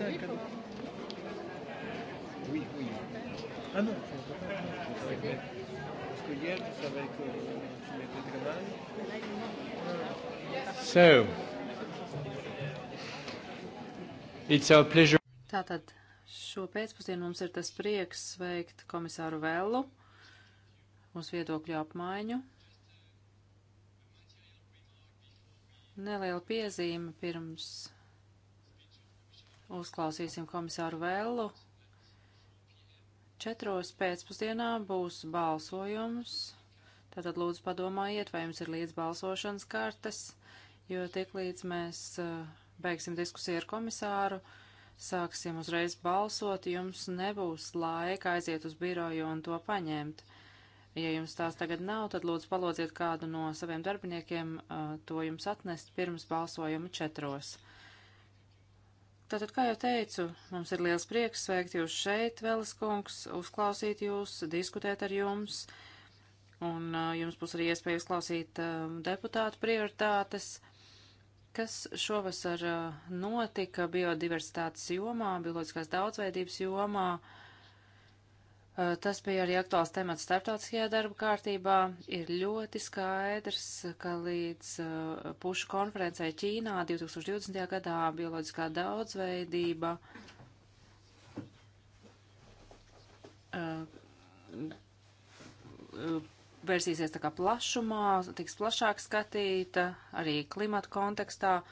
c'est un cadeau. Oui, oui. Ah non, c'est avec Parce que hier, tu savais que tu mettais travail. So, it's our pleasure. Tātad šo pēcpusdienu mums ir tas prieks sveikt komisāru Vellu uz viedokļu apmaiņu. Neliela piezīme pirms Uzklausīsim komisāru Vēlu. Četros pēcpusdienā būs balsojums. Tātad lūdzu padomājiet, vai jums ir līdz balsošanas kartes, jo tik līdz mēs eh, beigsim diskusiju ar komisāru, sāksim uzreiz balsot, jums nebūs laika aiziet uz biroju un to paņemt. Ja jums tās tagad nav, tad lūdzu palodziet kādu no saviem darbiniekiem eh, to jums atnest pirms balsojuma četros. Tātad, kā jau teicu, mums ir liels prieks sveikt jūs šeit, Vēlis kungs, uzklausīt jūs, diskutēt ar jums, un uh, jums būs arī iespēja uzklausīt uh, deputātu prioritātes, kas šovasar uh, notika biodiversitātes jomā, bioloģiskās daudzveidības jomā. Uh, Eh, tas bija arī aktuāls temats starptautiskajā darba kārtībā. Ir ļoti skaidrs, ka līdz eh, pušu konferencē Ķīnā 2020. gadā bioloģiskā daudzveidība eh, vērsīsies tā kā plašumā, tiks plašāk skatīta arī klimata kontekstā. Uh,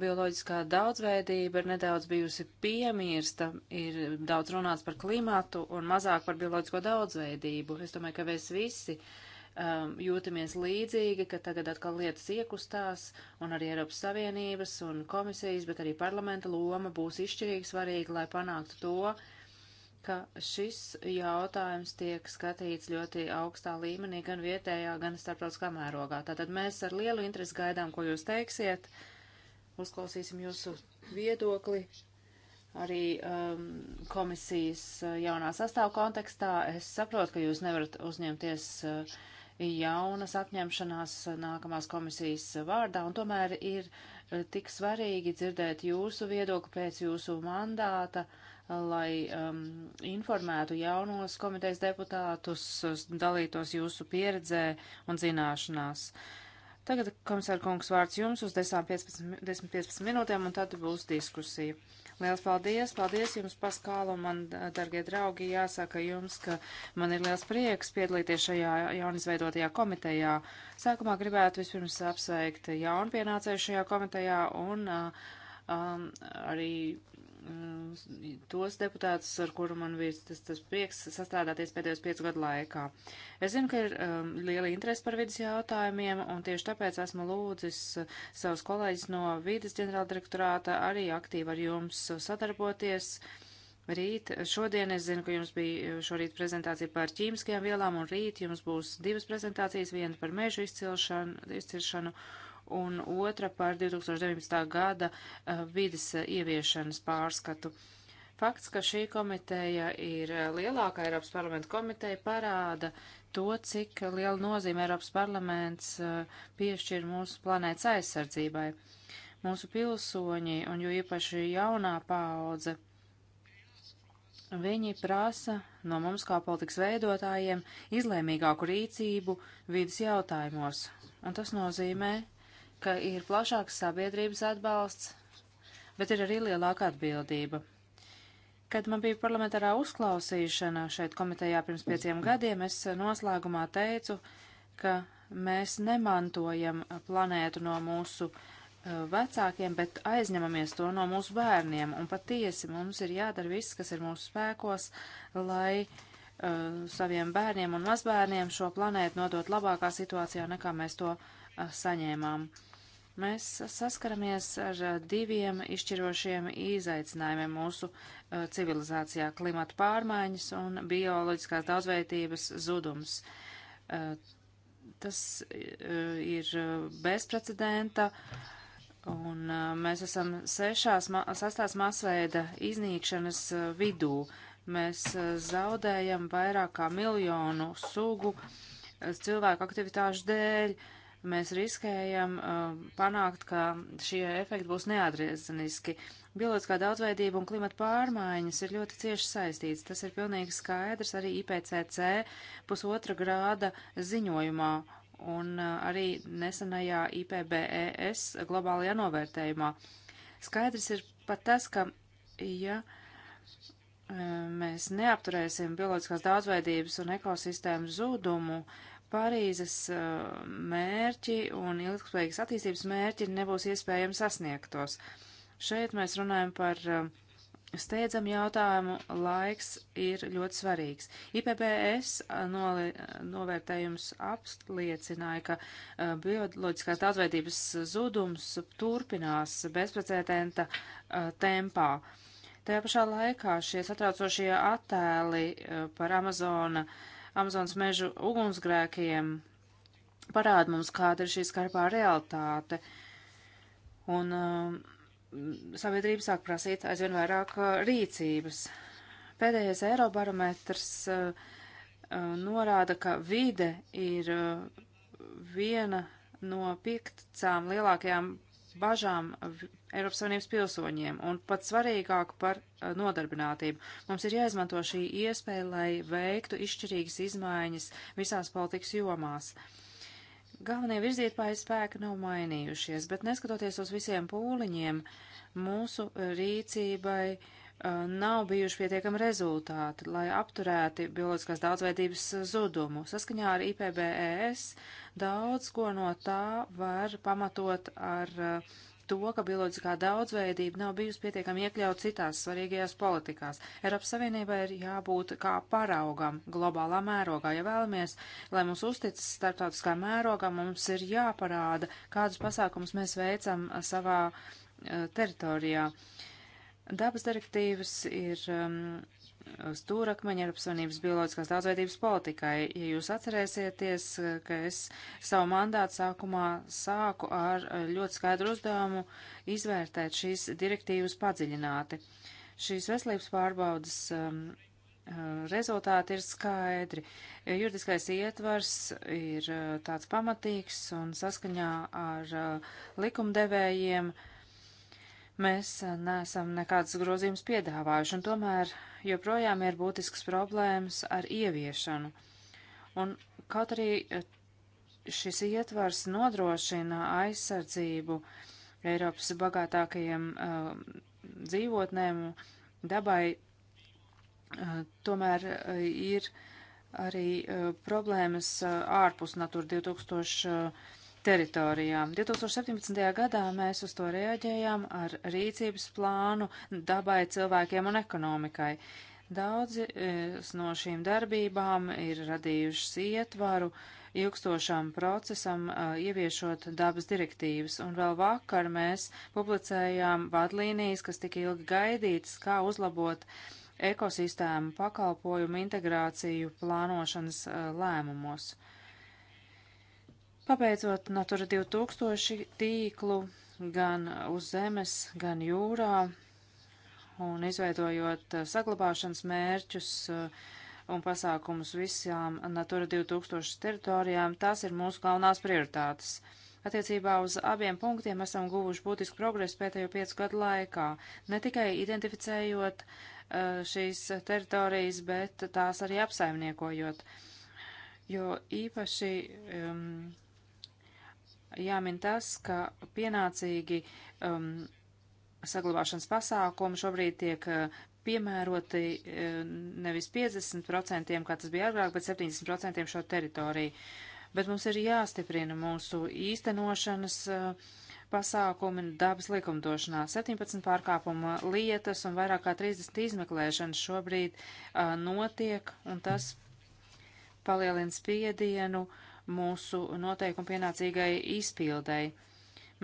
bioloģiskā daudzveidība ir nedaudz bijusi piemirsta, ir daudz runāts par klimatu un mazāk par bioloģisko daudzveidību. Es domāju, ka mēs visi um, jūtamies līdzīgi, ka tagad atkal lietas iekustās un arī Eiropas Savienības un komisijas, bet arī parlamenta loma būs izšķirīgi svarīga, lai panāktu to, ka šis jautājums tiek skatīts ļoti augstā līmenī, gan vietējā, gan starptautiskā mērogā. Tātad mēs ar lielu interesi gaidām, ko jūs teiksiet. Uh, uzklausīsim jūsu viedokli. Arī um, komisijas uh, jaunā sastāv kontekstā es saprotu, ka jūs nevarat uzņemties uh, jaunas apņemšanās nākamās komisijas vārdā, un tomēr ir uh, tik svarīgi dzirdēt jūsu viedokli pēc jūsu mandāta, uh, lai um, informētu jaunos komitejas deputātus, uh, dalītos jūsu pieredzē un zināšanās. Uh, Tagad, komisāra kungs, vārds jums uz 10-15 minūtēm, un tad būs diskusija. Liels paldies, paldies jums, Paskāla, un man, dargie draugi, jāsaka jums, ka man ir liels prieks piedalīties šajā jaunizveidotajā komitejā. Sākumā gribētu vispirms apsveikt jaunpienācēju šajā komitejā un um, arī tos deputātus, ar kuru man bija tas, tas prieks sastrādāties pēdējos piecu gadu laikā. Es zinu, ka ir um, liela interese par vidas jautājumiem, un tieši tāpēc esmu lūdzis uh, savus kolēģis no vidas ģenerāldirektorāta arī aktīvi ar jums sadarboties. Rīt, šodien es zinu, ka jums bija šorīt prezentācija par ķīmiskajām vielām, un rīt jums būs divas prezentācijas, viena par mežu izciršanu, izciršanu un otra par 2019. gada eh, vides eh, ieviešanas pārskatu. Fakts, ka šī komiteja ir eh, lielākā Eiropas parlamenta komiteja, parāda to, cik liela nozīme Eiropas parlaments piešķir mūsu planētas aizsardzībai. Mūsu pilsoņi, un jo īpaši jaunā paudze, viņi prasa no mums kā politikas veidotājiem izlēmīgāku rīcību vidas jautājumos. Un tas nozīmē ka ir plašāks sabiedrības atbalsts, bet ir arī lielāka atbildība. Kad man bija parlamentārā uzklausīšana šeit komitejā pirms pieciem gadiem, es noslēgumā teicu, ka mēs nemantojam planētu no mūsu uh, vecākiem, bet aizņemamies to no mūsu bērniem. Un patiesi mums ir jādara viss, kas ir mūsu spēkos, lai uh, saviem bērniem un mazbērniem šo planētu nodot labākā situācijā, nekā mēs to uh, saņēmām. Mēs saskaramies ar diviem izšķirošiem izaicinājumiem mūsu eh, civilizācijā - klimata pārmaiņas un bioloģiskās daudzveidības zudums. Eh, tas eh, ir bezprecedenta un mēs esam sešās, sastās masveida iznīkšanas vidū. Mēs zaudējam vairāk kā miljonu sugu cilvēku aktivitāšu dēļ. Uh, mēs riskējam uh, panākt, ka šie efekti būs neatgriezeniski. Bioloģiskā daudzveidība un klimata pārmaiņas ir ļoti cieši saistīts. Tas ir pilnīgi skaidrs arī IPCC pusotra grāda ziņojumā un uh, arī nesenajā IPBES globālajā novērtējumā. Skaidrs ir pat tas, ka, ja uh, mēs neapturēsim bioloģiskās daudzveidības un ekosistēmu zudumu, uh, Parīzes uh, mērķi un ilgspējīgas attīstības mērķi nebūs iespējams sasniegtos. Šeit mēs runājam par uh, steidzamu jautājumu, laiks ir ļoti svarīgs. IPBS uh, novērtējums apliecināja, ka bioloģiskās daudzveidības zudums turpinās bezprecedenta tempā. Tajā pašā laikā šie satraucošie attēli par Amazona uh, Amazonas mežu ugunsgrēkiem parāda mums, kāda ir šī skarpā realitāte. Un uh, sabiedrība sāk prasīt aizvien vairāk uh, rīcības. Pēdējais Eirobarometrs uh, uh norāda, ka vide ir uh, viena no piekcām lielākajām bažām Eiropas Savienības pilsoņiem un pat svarīgāk par nodarbinātību. Mums ir jāizmanto šī iespēja, lai veiktu izšķirīgas izmaiņas visās politikas jomās. Galvenie virzītāji spēki nav mainījušies, bet neskatoties uz visiem pūliņiem, mūsu rīcībai uh, Uh, nav bijuši pietiekami rezultāti, lai apturēti bioloģiskās daudzveidības zudumu. Saskaņā ar IPBES daudz ko no tā var pamatot ar uh, to, ka bioloģiskā daudzveidība nav bijusi pietiekami iekļaut citās svarīgajās politikās. Eiropas Savienībai ir jābūt kā paraugam globālā mērogā. Ja vēlamies, lai mums uzticas starptautiskā mērogā, mums ir jāparāda, kādus pasākumus mēs veicam savā uh, teritorijā. Uh, Dabas direktīvas ir um, stūrakmeņa Eiropas Savienības bioloģiskās daudzveidības politikai. Ja jūs atcerēsieties, ka es savu mandātu sākumā sāku ar uh, ļoti skaidru uzdevumu izvērtēt šīs direktīvas padziļināti. Šīs veselības pārbaudas um, uh, rezultāti ir skaidri. Juridiskais ietvars ir uh, tāds pamatīgs un saskaņā ar likumdevējiem. Uh, Mēs eh, neesam nekādas grozījumus piedāvājuši, un tomēr joprojām ir būtisks problēmas ar ieviešanu. Un kaut arī eh, šis ietvars nodrošina aizsardzību Eiropas bagātākajiem uh, dzīvotnēm, dabai, uh, tomēr uh, ir arī problēmas ārpus Natura 2000 teritorijām. 2017. gadā mēs uz to reaģējām ar rīcības plānu dabai, cilvēkiem un ekonomikai. Daudzi e, no šīm darbībām ir radījušas ietvaru ilgstošam procesam, e, ieviešot dabas direktīvas, un vēl vakar mēs publicējām vadlīnijas, kas tika ilgi gaidītas, kā uzlabot ekosistēmu pakalpojumu integrāciju plānošanas e, lēmumos. Uh, Pabeidzot Natura 2000 tīklu gan uz zemes, gan jūrā un izveidojot eh, saglabāšanas mērķus eh, un pasākumus visām Natura 2000 teritorijām, tās ir mūsu galvenās prioritātes. Attiecībā uz abiem punktiem esam guvuši būtisku progresu pēdējo piecu gadu laikā, ne tikai identificējot eh, šīs teritorijas, bet tās arī apsaimniekojot. Jo īpaši um, jāmin tas, ka pienācīgi um, saglabāšanas pasākumi šobrīd tiek uh, piemēroti uh, nevis 50%, kā tas bija agrāk, bet 70% šo teritoriju. Bet mums ir jāstiprina mūsu īstenošanas uh, pasākumi dabas likumdošanā. 17 pārkāpuma lietas un vairāk kā 30 izmeklēšanas šobrīd uh, notiek, un tas palielina spiedienu uh, mūsu noteikumu pienācīgai izpildēji.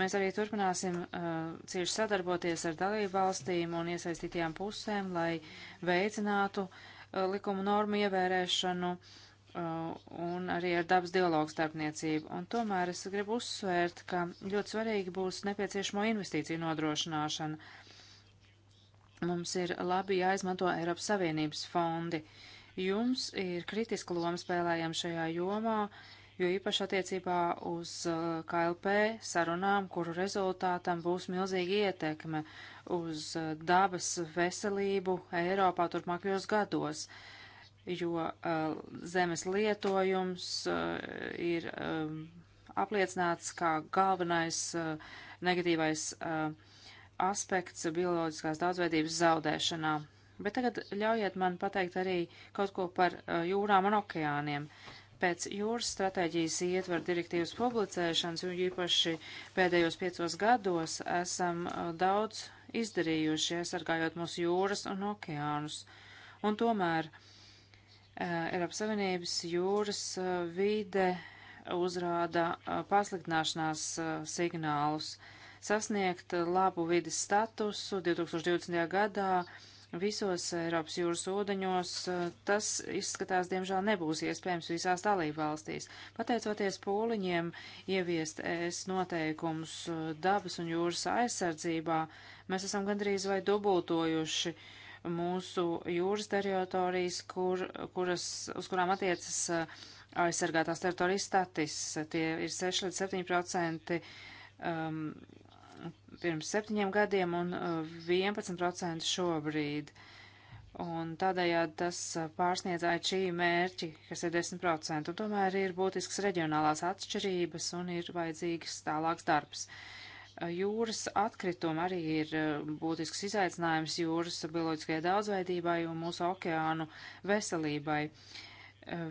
Mēs arī turpināsim uh, cieši sadarboties ar dalību valstīm un iesaistītajām pusēm, lai veicinātu uh, likumu normu ievērēšanu uh, un arī ar dabas dialogu starpniecību. Un tomēr es gribu uzsvērt, ka ļoti svarīgi būs nepieciešamo investīciju nodrošināšana. Mums ir labi jāizmanto Eiropas Savienības fondi. Jums ir kritiska loma spēlējama šajā jomā. Uh, jo īpaši attiecībā uz uh, KLP sarunām, kuru rezultātam būs milzīga ietekme uz uh, dabas veselību Eiropā turpmākajos gados, jo uh, zemes lietojums ir um, apliecināts kā galvenais negatīvais aspekts bioloģiskās daudzveidības zaudēšanā. Bet tagad ļaujiet man pateikt arī kaut ko par jūrām un okeāniem. Uh, Pēc jūras stratēģijas ietver direktīvas publicēšanas, un īpaši pēdējos piecos gados esam daudz izdarījuši, aizsargājot mūsu jūras un okeānus. Un tomēr Eiropas Savienības jūras vide uzrāda pasliktināšanās signālus. Sasniegt labu vides statusu 2020. gadā visos Eiropas jūras ūdeņos. Tas izskatās, diemžēl, nebūs iespējams visās dalībvalstīs. Pateicoties pūliņiem ieviest ES noteikumus dabas un jūras aizsardzībā, mēs esam gandrīz vai dubultojuši mūsu jūras teritorijas, kur, kuras, uz kurām attiecas aizsargātās teritorijas status. Tie ir 6 līdz 7 procenti um, pirms septiņiem gadiem un 11% uh, šobrīd. Un tādējādi tas uh, pārsniedz IT mērķi, kas ir 10%, un tomēr ir būtisks reģionālās atšķirības un ir vajadzīgs tālāks darbs. Uh, jūras atkritumi arī ir būtisks izaicinājums jūras bioloģiskajai daudzveidībai un mūsu okeānu veselībai.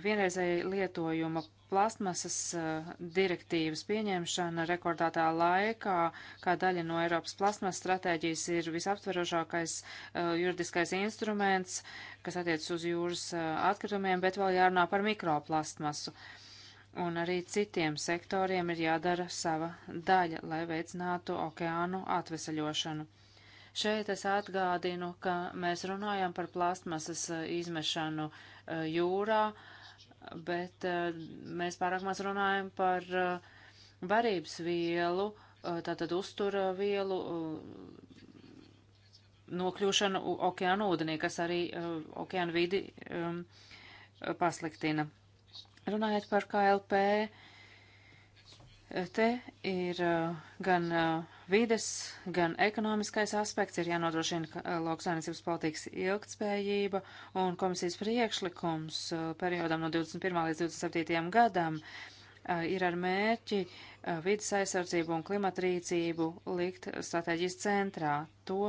Vienreizēji lietojuma plastmasas eh, direktīvas pieņemšana rekordātā laikā, kā daļa no Eiropas plastmasas stratēģijas, ir visaptverošākais eh, juridiskais instruments, kas attiecas uz jūras eh, atkritumiem, bet vēl jārunā par mikroplastmasu. Un arī citiem sektoriem ir jādara sava daļa, lai veicinātu okeānu atvesaļošanu. Šeit es atgādinu, ka mēs runājam par plastmasas izmešanu jūrā, uh, bet eh, mēs pārāk maz runājam par eh, varības vielu, eh, tātad uztura vielu nokļūšanu okeāna ūdenī, kas arī okeāna vidi pasliktina. Runājot par KLP, te ir gan uh, vides, gan ekonomiskais aspekts ir jānodrošina eh, lauksainicības politikas ilgtspējība, un komisijas priekšlikums eh, periodam no 21. līdz 27. gadam eh, ir ar mērķi vidas aizsardzību un klimatrīcību likt strateģijas centrā. To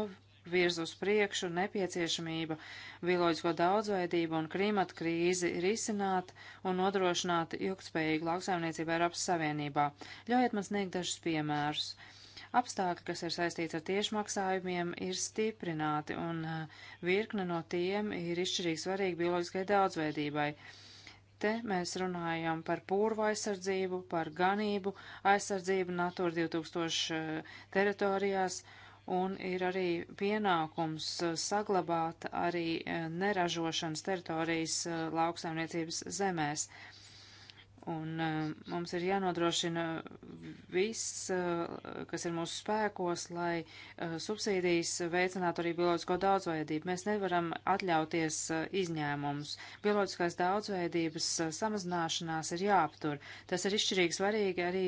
virz uz priekšu nepieciešamība bioloģisko daudzveidību un klimata krīzi risināt un nodrošināt ilgtspējīgu lauksaimniecību Eiropas Savienībā. Ļaujiet man sniegt dažus piemērus. Uh, Apstākļi, kas ir saistīti ar tiešmaksājumiem, ir stiprināti, un uh, virkne no tiem ir izšķirīgi svarīgi bioloģiskai daudzveidībai. Te mēs runājam par pūrvu aizsardzību, par ganību aizsardzību Natūra 2000 uh, teritorijās, un ir arī pienākums uh, saglabāt arī neražošanas teritorijas lauksaimniecības zemēs. Uh, Un uh, mums ir jānodrošina viss, uh, kas ir mūsu spēkos, lai uh, subsīdijas veicinātu arī bioloģisko daudzveidību. Mēs nevaram atļauties uh, izņēmumus. Bioloģiskās daudzveidības uh, samazināšanās ir jāaptur. Tas ir izšķirīgi svarīgi arī,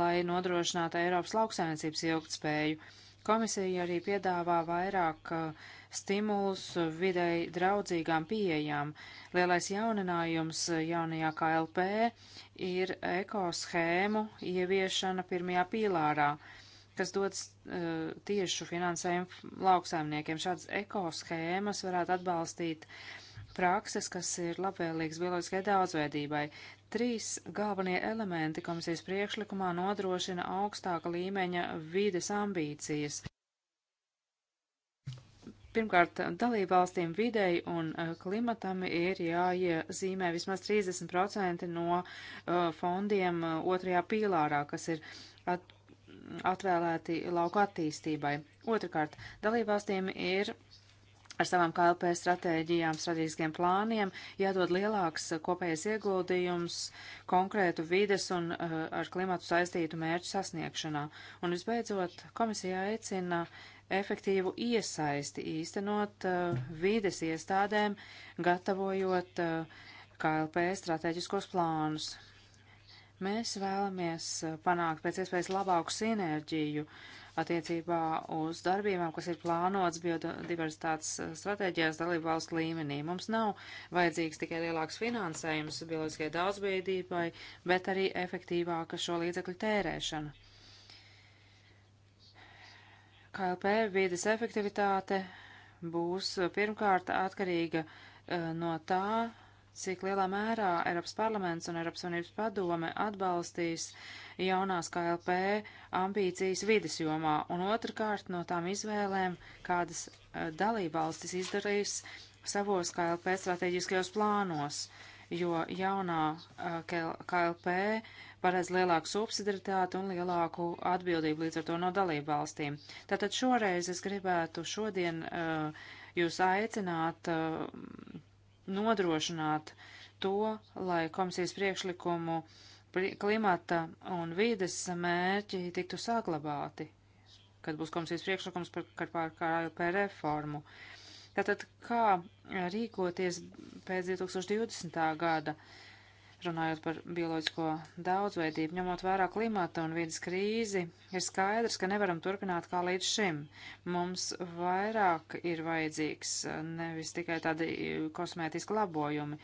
lai nodrošinātu Eiropas lauksaimniecības ilgtspēju. Komisija arī piedāvā vairāk uh, stimulus videi draudzīgām pieejām. Lielais jauninājums uh, jaunajā KLP ir ekoshēmu ieviešana pirmajā pīlārā, kas dod uh, tiešu finansējumu lauksaimniekiem. Šādas ekoshēmas varētu atbalstīt prakses, kas ir labvēlīgas bioloģiskai daudzveidībai. Trīs galvenie elementi komisijas priekšlikumā nodrošina augstāka līmeņa vides ambīcijas. Pirmkārt, dalībvalstīm videi un eh, klimatam ir jāiezīmē vismaz 30% no uh, fondiem eh, otrajā pīlārā, kas ir at atvēlēti lauku attīstībai. Otrakārt, dalībvalstīm ir ar savām KLP stratēģijām, strateģiskiem plāniem, jādod lielāks uh, kopējais ieguldījums konkrētu vides un uh, ar klimatu saistītu mērķu sasniegšanā. Un visbeidzot, komisija aicina efektīvu iesaisti īstenot uh, vides iestādēm, gatavojot uh, KLP strateģiskos plānus. Mēs vēlamies uh, panākt pēc iespējas labāku sinerģiju uh, attiecībā uz darbībām, kas ir plānotas biodiversitātes stratēģijās dalību valstu līmenī. Mums nav vajadzīgs tikai lielāks finansējums bioloģiskajai daudzveidībai, bet arī efektīvāka šo līdzekļu tērēšana. KLP vīdes efektivitāte būs pirmkārt atkarīga e, no tā, cik lielā mērā Eiropas parlaments un Eiropas Savienības padome atbalstīs uh, jaunās KLP ambīcijas vides jomā, un otrkārt no tām izvēlēm, kādas eh, dalībvalstis izdarīs savos KLP strateģiskajos plānos, jo jaunā eh, KLP paredz lielāku subsidaritāti un lielāku atbildību līdz ar to no dalībvalstīm. Tātad šoreiz es gribētu šodien uh, jūs aicināt uh, nodrošināt to, lai komisijas priekšlikumu uh, klimata un vīdes mērķi tiktu saglabāti, kad būs komisijas priekšlikums par, par KLP reformu. Tātad, kā rīkoties pēc 2020. gada, runājot par bioloģisko daudzveidību, ņemot vērā klimata un vidas krīzi, ir skaidrs, ka nevaram turpināt kā līdz šim. Mums vairāk ir vajadzīgs nevis tikai tādi kosmētiski labojumi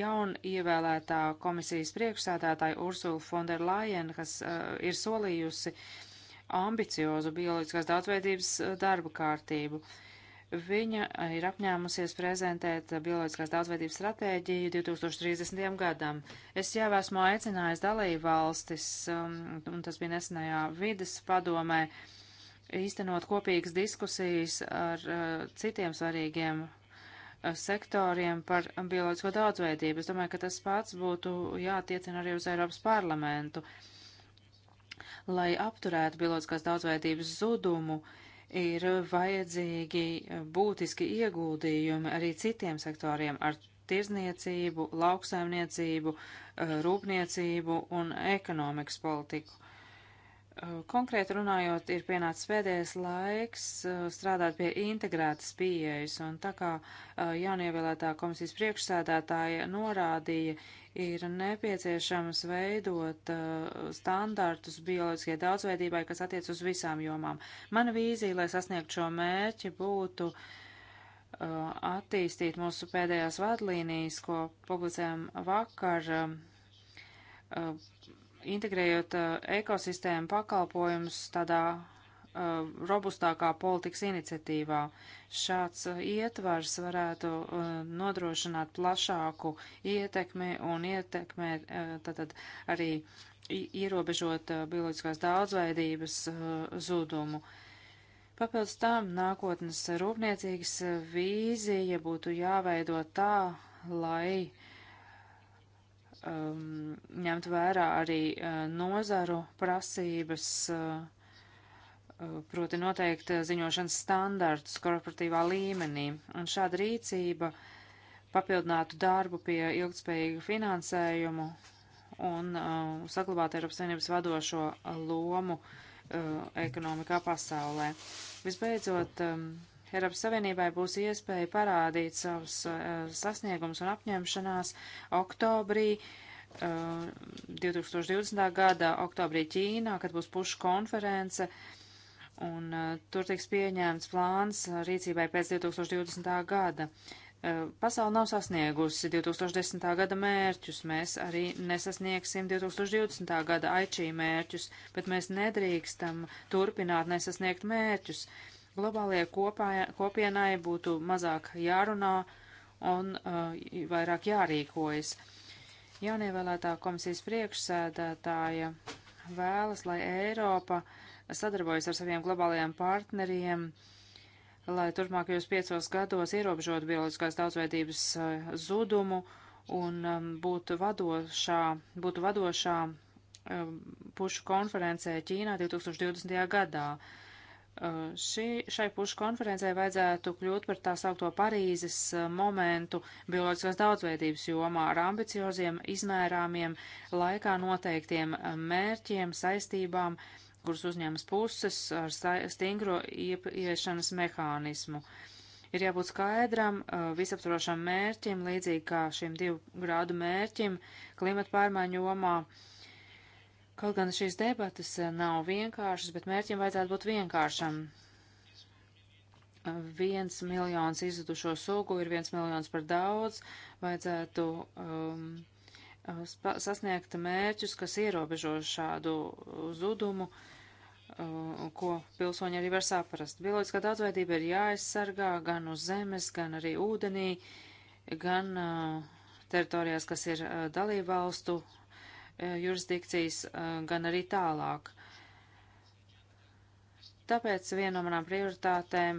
jaun ievēlētā komisijas priekšsēdētāja Ursula Fonderlajen, kas uh, ir solījusi ambiciozu bioloģiskās daudzveidības uh, darba kārtību. Viņa uh, ir apņēmusies prezentēt uh, bioloģiskās daudzveidības stratēģiju 2030. gadam. Es jau esmu aicinājis dalību valstis, um, un tas bija nesenajā vides padomē, īstenot kopīgas diskusijas ar uh, citiem svarīgiem sektoriem par bioloģisko daudzveidību. Es domāju, ka tas pats būtu jātiecina arī uz Eiropas parlamentu. Lai apturētu bioloģiskās daudzveidības zudumu, ir vajadzīgi būtiski ieguldījumi arī citiem sektoriem ar tirzniecību, lauksaimniecību, rūpniecību un ekonomikas politiku. Eh, konkrēti runājot, ir pienācis pēdējais laiks eh, strādāt pie integrētas pieejas, un tā kā eh, jaunievēlētā komisijas priekšsēdētāja norādīja, ir nepieciešams veidot standartus bioloģiskajai daudzveidībai, kas attiec uz visām jomām. Mana vīzija, lai sasniegtu šo mērķi, būtu attīstīt mūsu pēdējās vadlīnijas, ko publicējām vakar integrējot uh, ekosistēmu pakalpojumus tādā uh, robustākā politikas iniciatīvā. Šāds uh, ietvars varētu nodrošināt plašāku ietekmi un ietekmē tātad arī ierobežot bioloģiskās daudzveidības zudumu. Papildus tam nākotnes rūpniecīgas vīzija būtu jāveido tā, lai uh, um, ņemt vērā arī uh, nozaru prasības, uh, uh proti noteikt uh, ziņošanas standartus korporatīvā līmenī. Un šāda rīcība papildinātu darbu pie ilgtspējīgu finansējumu un uh, saglabātu Eiropas Savienības vadošo uh, lomu uh, ekonomikā pasaulē. Visbeidzot, um, Eiropas Savienībai būs iespēja parādīt savus uh, sasniegumus un apņemšanās oktobrī. Uh, eh, 2020. gada oktobrī Ķīnā, kad būs pušu konference, un uh, tur tiks pieņēmts plāns rīcībai pēc 2020. gada. Pasauli nav sasniegusi 2010. gada mērķus, mēs arī nesasniegsim 2020. gada aičī mērķus, bet mēs nedrīkstam turpināt nesasniegt mērķus. Uh, Globālajai kopienai būtu mazāk jārunā un uh, vairāk jārīkojas. Jaunievēlētā komisijas priekšsēdētāja vēlas, lai Eiropa sadarbojas ar saviem globālajiem partneriem, lai turpmākajos piecos gados ierobežotu bioloģiskās daudzveidības uh, zudumu un um, būtu vadošā, būtu vadošā um, pušu konferencē Ķīnā 2020. gadā. Uh, Eh, šī, šai pušu konferencē vajadzētu kļūt par tā saukto Parīzes eh, momentu bioloģiskās daudzveidības jomā ar ambicioziem, izmērāmiem, laikā noteiktiem eh, mērķiem, saistībām, kuras uzņemas puses ar stingro iepiešanas mehānismu. Ir jābūt skaidram, visaptvarošam mērķim, līdzīgi kā šim divu grādu mērķim klimata pārmaiņu jomā. Uh, Kaut gan šīs debatas eh, nav vienkāršas, bet mērķim vajadzētu būt vienkāršam. Viens miljons izzudušo sugu ir viens miljons par daudz. Vajadzētu um, uh, sasniegt mērķus, kas ierobežo šādu zudumu. Uh, ko pilsoņi arī var saprast. Bioloģiskā daudzveidība ir jāaizsargā gan uz zemes, gan arī ūdenī, gan uh, teritorijās, kas ir uh, dalībvalstu Eh, jurisdikcijas, eh, gan arī tālāk. Tāpēc viena no manām prioritātēm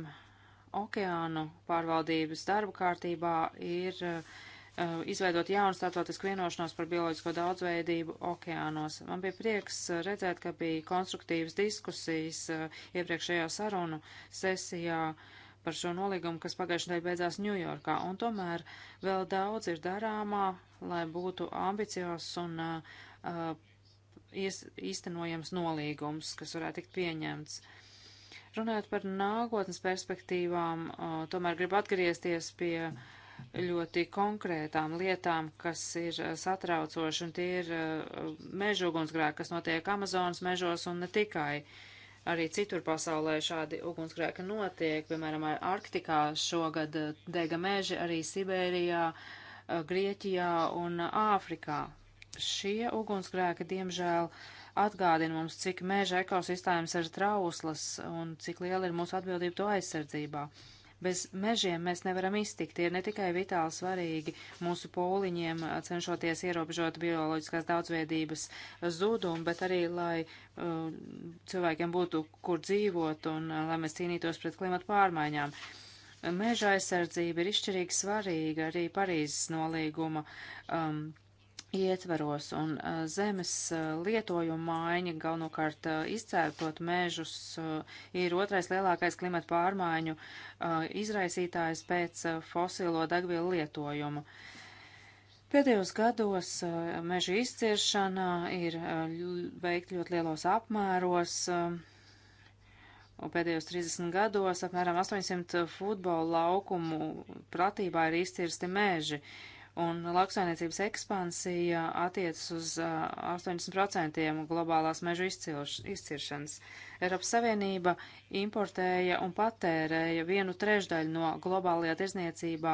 okeānu pārvaldības darba kārtībā ir eh, izveidot jaunu startautisku vienošanos par bioloģisko daudzveidību okeānos. Man bija prieks redzēt, ka bija konstruktīvas diskusijas iepriekšējā sarunu sesijā par šo nolīgumu, kas pagājušajā nedēļā beidzās Ņujorkā. Un tomēr vēl daudz ir darāmā, lai būtu ambiciozs un uh, uh, īstenojams nolīgums, kas varētu tikt pieņemts. Runājot par nākotnes perspektīvām, uh, tomēr gribu atgriezties pie ļoti konkrētām lietām, kas ir uh, satraucoši, un tie ir uh, mežu ugunsgrēki, kas notiek Amazonas mežos un ne tikai. Arī citur pasaulē šādi ugunsgrēki notiek, piemēram, ar Arktikā šogad uh, dega meži, arī Sibērijā, uh, Grieķijā un Āfrikā. Šie ugunsgrēki, diemžēl, atgādina mums, cik meža ekosistēmas ir trauslas un cik liela ir mūsu atbildība to aizsardzībā. Bez mežiem mēs nevaram iztikt, tie ir ne tikai vitāli svarīgi mūsu pūliņiem, cenšoties ierobežot bioloģiskās daudzveidības zudumu, bet arī, lai uh, cilvēkiem būtu kur dzīvot un uh, lai mēs cīnītos pret klimatu pārmaiņām. Meža aizsardzība ir izšķirīgi svarīga arī Parīzes nolīguma um, ietvaros un zemes lietojuma maiņa, galvenokārt izcērtot mežus, ir otrais lielākais klimata pārmaiņu izraisītājs pēc fosilo degvielu lietojuma. Pēdējos gados meža izciršana ir veikta ļoti lielos apmēros. Pēdējos 30 gados apmēram 800 futbola laukumu pratībā ir izcirsti meži. Uh, un lauksainiecības ekspansija attiecas uz 80% globālās mežu izciršanas. Eiropas Savienība importēja un patērēja vienu trešdaļu no globālajā tirzniecībā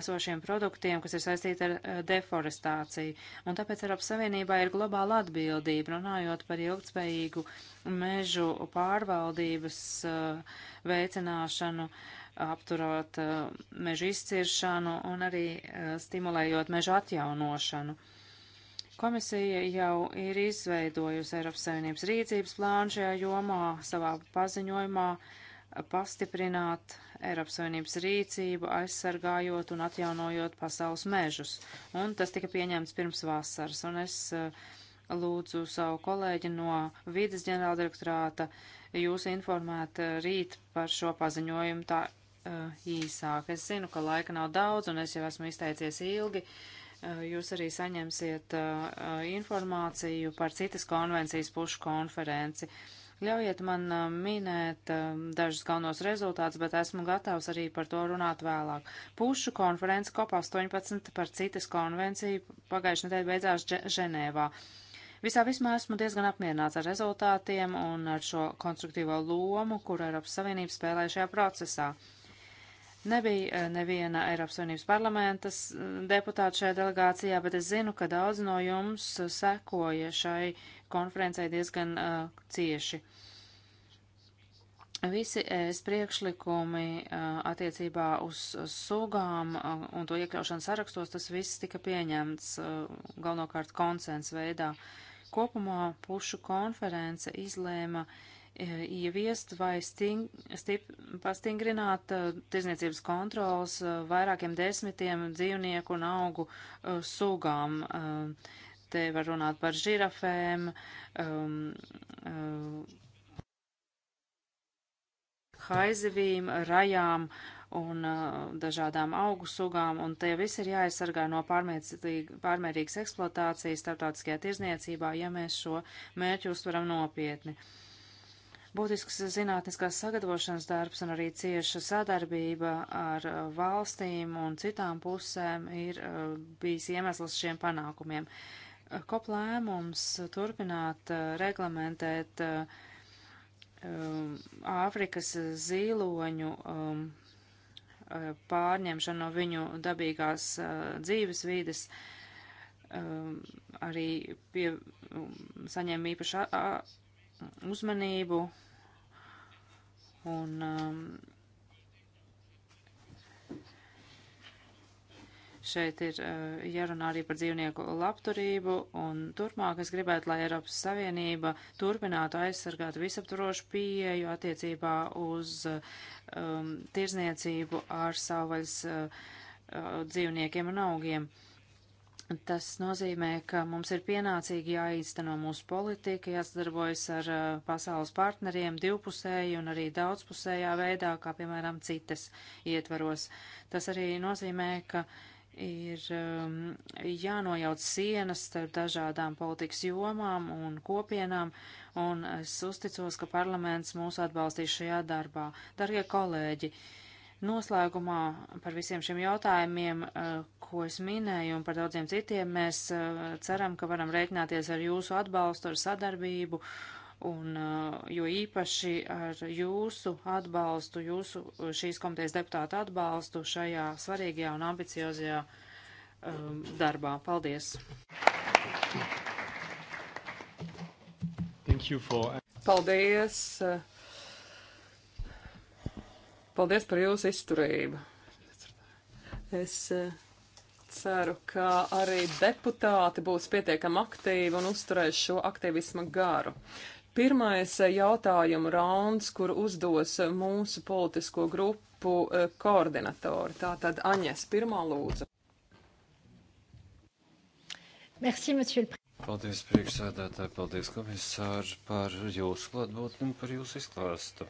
esošiem produktiem, kas ir saistīti ar deforestāciju. Un tāpēc Eiropas Savienībā ir globāla atbildība, runājot par ilgtspējīgu mežu pārvaldības veicināšanu. Uh, apturot eh, mežu izciršanu un arī eh, stimulējot mežu atjaunošanu. Komisija jau ir izveidojusi Eiropas Savienības rīcības plānu šajā jomā savā paziņojumā eh, pastiprināt Eiropas Savienības rīcību, aizsargājot un atjaunojot pasaules mežus. Un tas tika pieņemts pirms vasaras, un es lūdzu savu kolēģi no vides ģenerāldirektorāta jūs informēt rīt par šo paziņojumu tā Eh, īsāk. Es zinu, ka laika nav daudz, un es jau esmu izteicies ilgi. Eh, jūs arī saņemsiet eh, informāciju par citas konvencijas pušu konferenci. Ļaujiet man minēt dažus galvenos rezultātus, bet esmu gatavs arī par to runāt vēlāk. Pušu konference COP18 par citas konvenciju pagājušajā nedēļā beidzās Ženēvā. Visā vismā esmu diezgan apmierināts ar rezultātiem un ar šo konstruktīvo lomu, kur Eiropas Savienība spēlē šajā procesā. Nebija eh, neviena Eiropas Savienības parlamentas eh, deputāta šajā delegācijā, bet es zinu, ka daudz no jums eh, sekoja šai konferencei diezgan uh, cieši. Visi es priekšlikumi uh, attiecībā uz sugām uh, un to iekļaušanu sarakstos, tas viss tika pieņemts uh, galvenokārt konsensu veidā. Kopumā pušu konference izlēma uh, E, ieviest vai sting, stip, pastingrināt uh, tirzniecības kontrols uh, vairākiem desmitiem dzīvnieku un augu uh, sugām. Te var runāt par žirafēm, um, haizivīm, rajām un dažādām augu sugām, un tie visi ir jāaizsargā no pārmērīgas eksploatācijas starptautiskajā tirzniecībā, ja mēs šo mērķu uztveram nopietni. Uh, Būtisks zinātniskās sagatavošanas darbs un arī cieša sadarbība ar uh, valstīm un citām pusēm ir uh, bijis iemesls šiem panākumiem. Uh, kop lēmums turpināt reglamentēt um, Āfrikas zīloņu um, pārņemšanu no viņu dabīgās dzīves vīdes um, arī pie, saņem īpašu uzmanību Un, um, Šeit ir uh, jārunā arī par dzīvnieku labturību, un turpmāk es gribētu, lai Eiropas Savienība turpinātu aizsargāt visaptvarošu pieeju attiecībā uz um, tirzniecību ar savvaļas uh, uh dzīvniekiem un augiem. Uh, Tas nozīmē, ka mums ir pienācīgi jāīsteno mūsu politika, jāsadarbojas ar uh, pasaules partneriem divpusēji un arī daudzpusējā veidā, kā piemēram citas ietvaros. Tas arī nozīmē, ka ir um, jānojauc sienas starp dažādām politikas jomām un kopienām, un es uzticos, ka parlaments mūs atbalstīs šajā darbā. Darbie kolēģi! Uh, Noslēgumā par visiem šiem jautājumiem, eh, ko es minēju un par daudziem citiem, mēs eh, ceram, ka varam rēķināties ar jūsu atbalstu, ar sadarbību un eh, jo īpaši ar jūsu atbalstu, jūsu šīs komitejas deputātu atbalstu šajā svarīgajā un ambiciozajā um, darbā. Paldies! For... Paldies! Paldies par jūsu izturību. Es eh, ceru, ka arī deputāti būs pietiekami aktīvi un uzturēs šo aktīvisma garu. Pirmais eh, jautājumu rauns, kur uzdos eh, mūsu politisko grupu koordinatori. Tātad Aņes, pirmā lūdzu. Merci, monsieur. Paldies, priekšsēdētāji, paldies, komisāri, par jūsu klātbūtni un par jūsu izklāstu.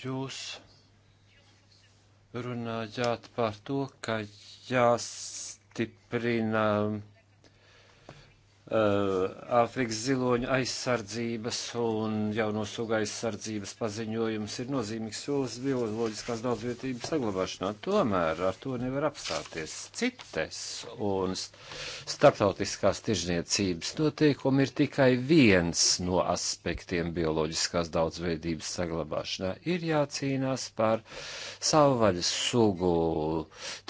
Jūs runājāt par to, ka jāstiprina Eh, Āfrikas ziloņu aizsardzības un jauno sugu aizsardzības paziņojums ir nozīmīgs solis bioloģiskās daudzvietības saglabāšanā. Tomēr ar to nevar apstāties. Cites un starptautiskās tirzniecības noteikumi ir tikai viens no aspektiem bioloģiskās daudzveidības saglabāšanā. Ir jācīnās par savvaļas sugu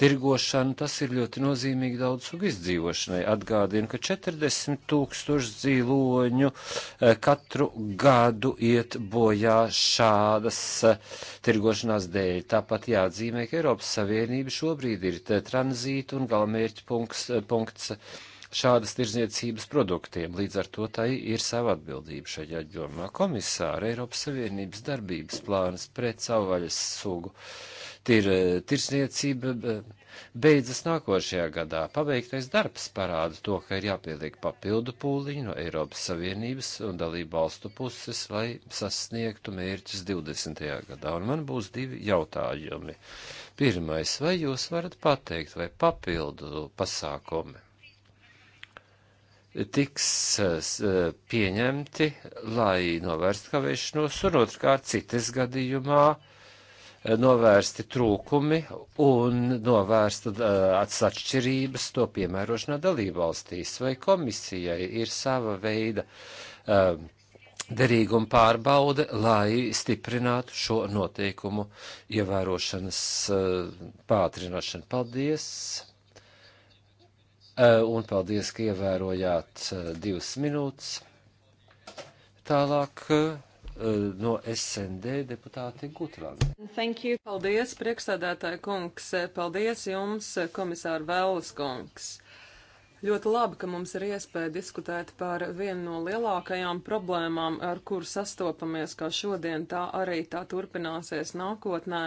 tirgošanu. Tas ir ļoti nozīmīgi daudz sugu izdzīvošanai. Atgādinu, ka 40 50 tūkstoši dzīloņu eh, katru gadu iet bojā šādas eh, tirgošanās dēļ. Tāpat jāatzīmē, ka Eiropas Savienība šobrīd ir tranzīta un galamērķa punkts, eh, punkts šādas tirzniecības produktiem. Līdz ar to tai ir sava atbildība šajā jomā. Komisāra Eiropas Savienības darbības plāns pret savvaļas sugu tir, tirzniecība beidzas nākošajā gadā. Paveiktais darbs parāda to, ka ir jāpieliek papildu pūliņu no Eiropas Savienības un dalību valstu puses, lai sasniegtu mērķus 20. gadā. Un man būs divi jautājumi. Pirmais, vai jūs varat pateikt, vai papildu pasākumi tiks e, pieņemti, lai novērstu kavēšanos, un otrkārt citas gadījumā novērsti trūkumi un novērsta atšķirības to piemērošanā dalībvalstīs, vai komisijai ir sava veida um, derīguma pārbaude, lai stiprinātu šo noteikumu ievērošanas uh, pātrināšanu. Paldies! Uh, un paldies, ka ievērojāt uh, divas minūtes. Tālāk. Uh, Eh, no SND deputāti Gutrāna. Thank you. Paldies, priekšsādātāja kungs. Paldies jums, komisāra Vēlas kungs. Ļoti labi, ka mums ir iespēja diskutēt par vienu no lielākajām problēmām, ar kur sastopamies, kā šodien tā arī tā turpināsies nākotnē,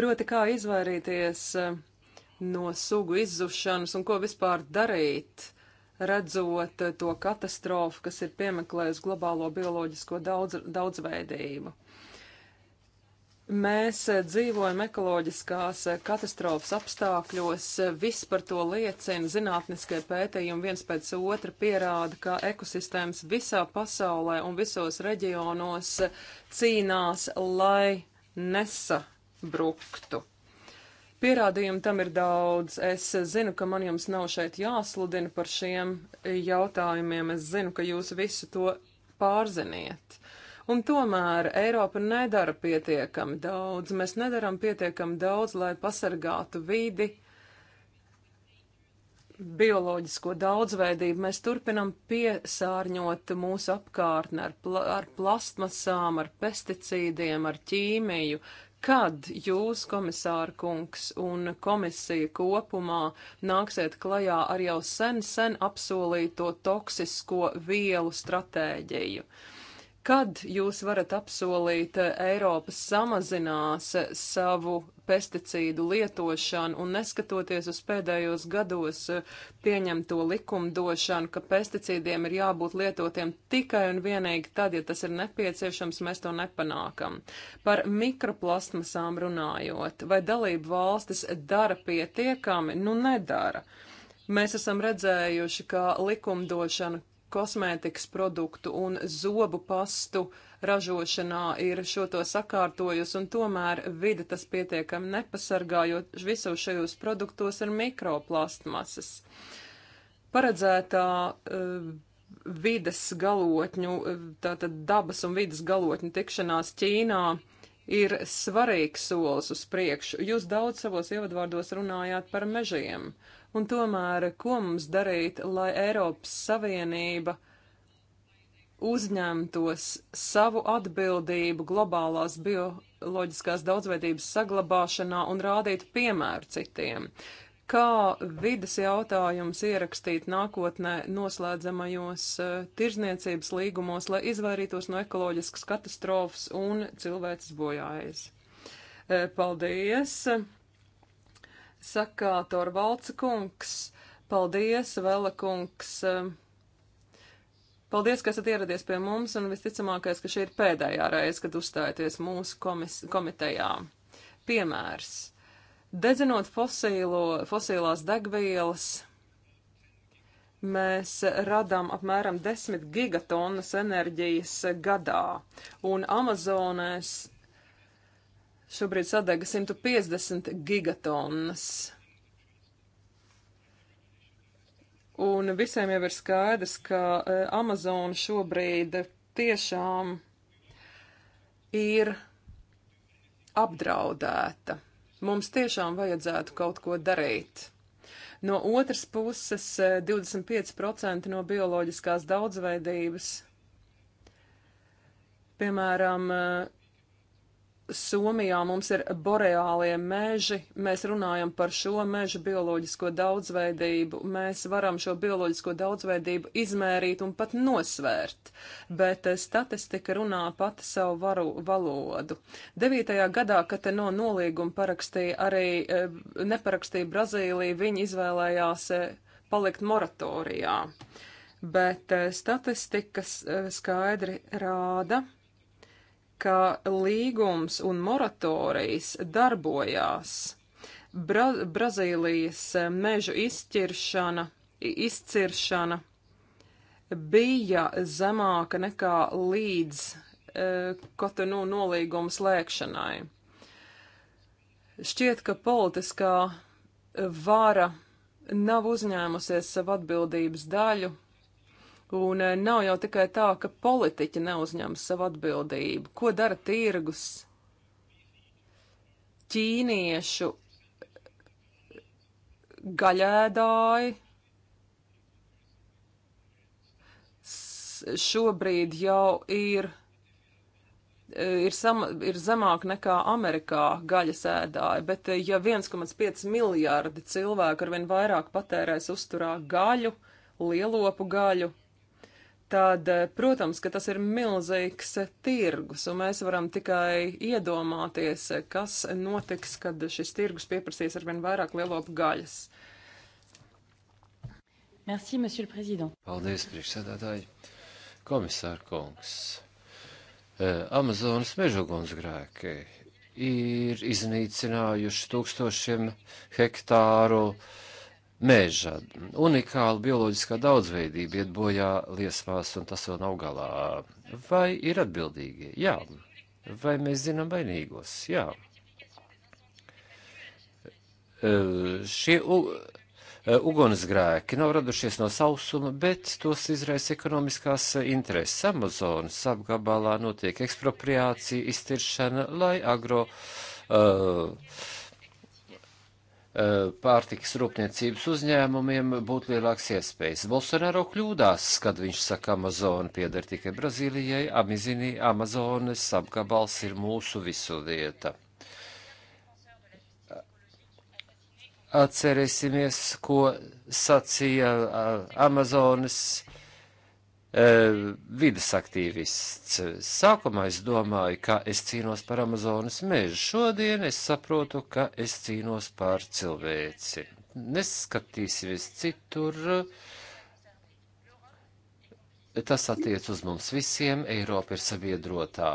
proti kā izvairīties eh, no sugu izzušanas un ko vispār darīt redzot to katastrofu, kas ir piemeklējusi globālo bioloģisko daudz, daudzveidību. Mēs dzīvojam ekoloģiskās katastrofas apstākļos, viss par to liecina, zinātniskie pētījumi viens pēc otra pierāda, ka ekosistēmas visā pasaulē un visos reģionos cīnās, lai nesabruktu. Pierādījumu tam ir daudz. Es zinu, ka man jums nav šeit jāsludina par šiem jautājumiem. Es zinu, ka jūs visu to pārziniet. Un tomēr Eiropa nedara pietiekami daudz. Mēs nedaram pietiekami daudz, lai pasargātu vidi, bioloģisko daudzveidību. Mēs turpinam piesārņot mūsu apkārtni ar, pla ar plastmasām, ar pesticīdiem, ar ķīmiju, Kad jūs, komisāra kungs un komisija kopumā, nāksiet klajā ar jau sen, sen apsolīto toksisko vielu stratēģiju? Uh, Kad jūs varat apsolīt, eh, Eiropa samazinās eh, savu pesticīdu lietošanu un neskatoties uz pēdējos gados eh, pieņemto likumdošanu, ka pesticīdiem ir jābūt lietotiem tikai un vienīgi tad, ja tas ir nepieciešams, mēs to nepanākam. Par mikroplasmasām runājot, vai dalību valstis dara pietiekami? Nu, nedara. Mēs esam redzējuši, ka likumdošana kosmētikas produktu un zobu pastu ražošanā ir šo to sakārtojusi, un tomēr vide tas pietiekami nepasargā, jo visos šajos produktos ir mikroplastmasas. Paredzētā uh, vides galotņu, eh, tātad dabas un vides galotņu tikšanās Ķīnā ir svarīgs solis uz priekšu. Jūs daudz savos ievadvārdos runājāt par mežiem, Un tomēr, ko mums darīt, lai Eiropas Savienība uzņemtos savu atbildību globālās bioloģiskās daudzveidības saglabāšanā un rādītu piemēru citiem? Kā vidas jautājums ierakstīt nākotnē noslēdzamajos eh, tirzniecības līgumos, lai izvairītos no ekoloģiskas katastrofas un cilvēces bojājas? Eh, paldies! Saka Torvalds kungs, paldies, Vela kungs. Paldies, ka esat ieradies pie mums, un visticamākais, ka šī ir pēdējā reize, kad uzstājaties mūsu komis, komitejā. Piemērs. Dedzinot fosīlo, fosīlās degvielas, mēs radām apmēram 10 gigatonnas enerģijas gadā, un Amazonēs Šobrīd sadega 150 gigatonnas. Un visiem jau ir skaidrs, ka e, Amazon šobrīd tiešām ir apdraudēta. Mums tiešām vajadzētu kaut ko darīt. No otras puses, 25% e, no bioloģiskās daudzveidības, piemēram, e, Somijā mums ir boreālie meži, mēs runājam par šo mežu bioloģisko daudzveidību, mēs varam šo bioloģisko daudzveidību izmērīt un pat nosvērt, bet eh, statistika runā pati savu varu valodu. Devītajā gadā, kad te no nolīguma parakstīja arī, eh, neparakstīja Brazīlija, viņi izvēlējās eh, palikt moratorijā, bet statistikas skaidri rāda ka līgums un moratorijas darbojās. Bra Brazīlijas mežu izšķiršana, izciršana bija zemāka nekā līdz e, Kotonu nolīguma slēgšanai. Šķiet, ka politiskā vara nav uzņēmusies savu atbildības daļu Un eh, nav jau tikai tā, ka politiķi neuzņem savu atbildību. Ko dara tirgus? Ķīniešu gaļēdāji šobrīd jau ir eh, ir, sama, ir zemāk nekā Amerikā gaļas ēdāji, bet eh, ja 1,5 miljārdi cilvēku arvien vairāk patērēs uzturā gaļu, lielopu gaļu, tad, eh, protams, ka tas ir milzīgs eh, tirgus, un mēs varam tikai iedomāties, eh, kas notiks, kad šis tirgus pieprasīs arvien vairāk lielopu gaļas. Merci, monsieur le président. Paldies, priekšsēdētāji. Komisār kungs, Amazonas mežoguns grēki ir iznīcinājuši tūkstošiem hektāru uh, meža. Unikāla bioloģiskā daudzveidība iet bojā liesmās, un tas vēl nav galā. Vai ir atbildīgi? Jā. Vai mēs zinām vainīgos? Jā. Šie ugunsgrēki nav radušies no sausuma, bet tos izraisa ekonomiskās intereses. Amazonas apgabalā notiek ekspropriācija, iztiršana, lai agro uh, Eh, pārtikas rūpniecības uzņēmumiem būtu lielāks iespējas. Bolsonaro kļūdās, kad viņš saka, Amazona pieder tikai Brazīlijai, amizini Amazonas apgabals ir mūsu visu vieta. Atcerēsimies, ko sacīja eh, Amazonas E, vidas aktīvists. Sākumā es domāju, ka es cīnos par Amazonas mežu. Šodien es saprotu, ka es cīnos par cilvēci. Neskatīsimies citur. Tas attiec uz mums visiem. Eiropa ir sabiedrotā.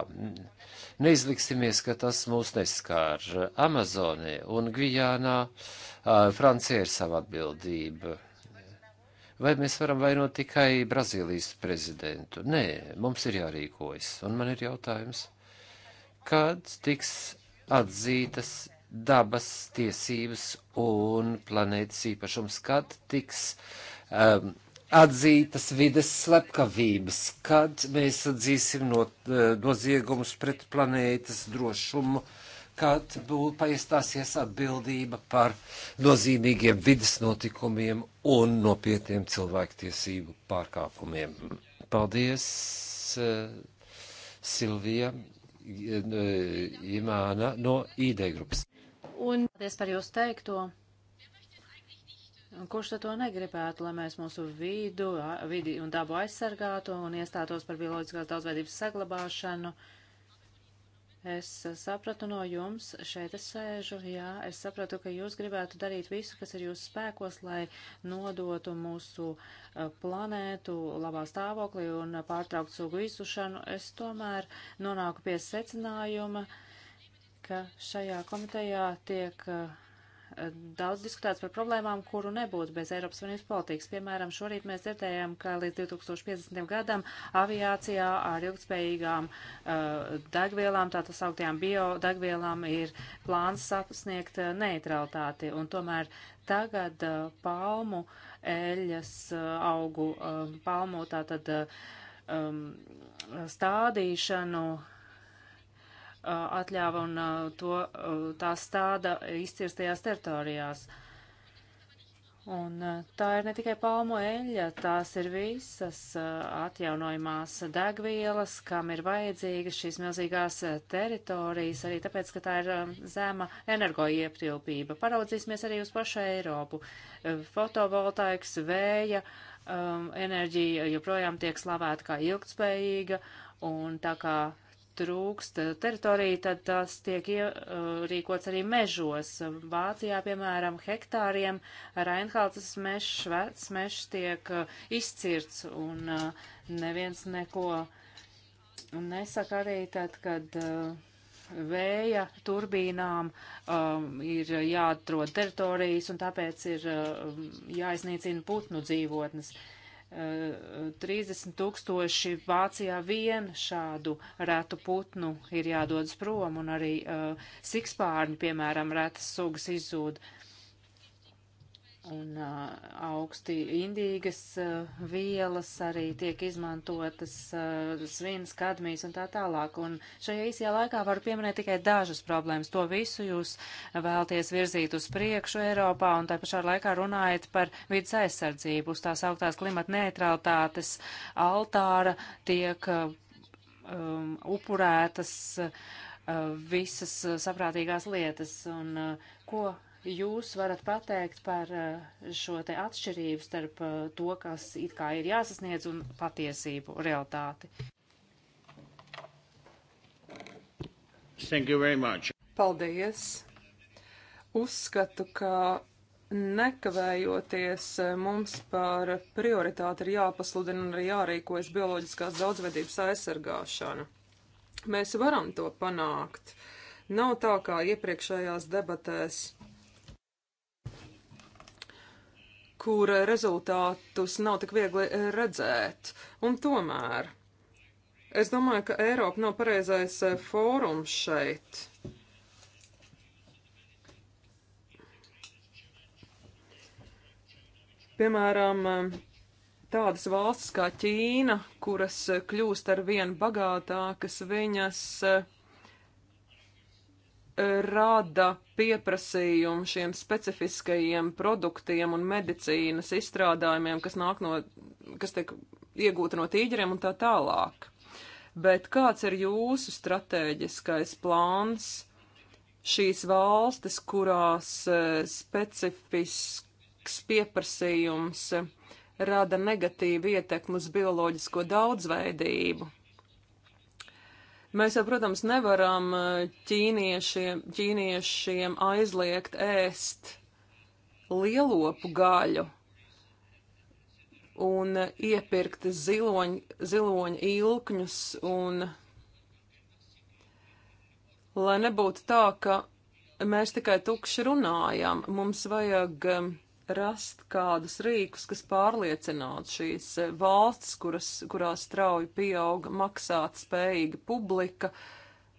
Neizliksimies, ka tas mūs neskār. Amazonē un Gvijānā Francija ir sava atbildība Vai mēs varam vainot tikai Brazīlijas prezidentu? Nē, mums ir jārīkojas. Un man ir jautājums, kad tiks atzītas dabas tiesības un planētas īpašums, kad tiks um, atzītas vides slepkavības, kad mēs atzīsim no, eh, noziegumus pret planētas drošumu. Uh, kad būs paiestāsies atbildība par nozīmīgiem vidas notikumiem un nopietniem cilvēktiesību pārkāpumiem. Paldies, eh, Silvija eh, Imāna no ID grupas. Un paldies par jūsu teikto. Kurš tad to negribētu, lai mēs mūsu vidu, vidi un dabu aizsargātu un iestātos par bioloģiskās daudzveidības saglabāšanu? Uh, Es sapratu no jums, šeit es sēžu, jā, es sapratu, ka jūs gribētu darīt visu, kas ir jūsu spēkos, lai nodotu mūsu planētu labā stāvoklī un pārtrauktu sugu izsušanu. Es tomēr nonāku pie secinājuma, ka šajā komitejā tiek uh, daudz diskutēts par problēmām, kuru nebūtu bez Eiropas Savienības politikas. Piemēram, šorīt mēs dzirdējām, ka līdz 2050. gadam aviācijā ar ilgspējīgām uh, degvielām, tā tas augtajām biodegvielām, ir plāns sasniegt uh, neutralitāti. Un tomēr tagad uh, palmu eļas uh, augu, uh, palmu tātad uh, um, stādīšanu. Uh, atļāva un to tā stāda izcirstajās teritorijās. Un tā ir ne tikai palmu eļļa, tās ir visas atjaunojumās degvielas, kam ir vajadzīgas šīs milzīgās teritorijas, arī tāpēc, ka tā ir zema energoietilpība. Paraudzīsimies arī uz pašu Eiropu. Fotovoltaiks, vēja um, enerģija joprojām tiek slavēta kā ilgtspējīga, un tā kā trūkst teritorija, tad tas tiek ierīkots uh, arī mežos. Vācijā, piemēram, hektāriem Reinhaltas mežs, švets mežs tiek uh, izcirts un uh, neviens neko nesaka arī tad, kad vēja turbīnām um, ir jāatrod teritorijas un tāpēc ir um, jāiznīcina putnu dzīvotnes. Uh, 30 tūkstoši Vācijā vien šādu rētu putnu ir jādodas prom, un arī uh, sikspārņi, piemēram, retas sugas izzūda. Uh, un uh, augsti indīgas uh, vielas arī tiek izmantotas uh, svins, kadmijas un tā tālāk. Un šajā īsajā laikā varu pieminēt tikai dažas problēmas. To visu jūs vēlties virzīt uz priekšu Eiropā un tā pašā laikā runājat par vidas aizsardzību. Uz tās augtās klimata neutralitātes altāra tiek um, upurētas visas saprātīgās lietas. Un, ko jūs varat pateikt par eh, šo te atšķirību starp eh, to, kas it kā ir jāsasniedz un patiesību, realitāti? Thank you very much. Paldies. Uzskatu, ka nekavējoties eh, mums par prioritāti ir jāpasludina un arī jārīkojas bioloģiskās daudzvedības aizsargāšana. Mēs varam to panākt. Nav tā kā iepriekšējās debatēs kur eh, rezultātus nav tik viegli eh, redzēt. Un tomēr es domāju, ka Eiropa nav pareizais eh, fórums šeit. Piemēram, tādas valstis kā Ķīna, kuras kļūst ar vien bagātākas, viņas uh, rada pieprasījumu šiem specifiskajiem produktiem un medicīnas izstrādājumiem, kas nāk no, kas tiek iegūta no tīģeriem un tā tālāk. Bet kāds ir jūsu strateģiskais plāns šīs valstis, kurās e, specifisks pieprasījums rada negatīvu ietekmu uz bioloģisko daudzveidību? Mēs jau, protams, nevaram eh, ķīniešiem, ķīniešiem aizliegt ēst lielopu gaļu un eh, iepirkt ziloņu, ziloņu ilkņus un lai nebūtu tā, ka mēs tikai tukši runājam, mums vajag um, rast kādus rīkus, kas pārliecinātu šīs eh, valsts, kuras, kurās strauji pieauga maksāt spējīga publika,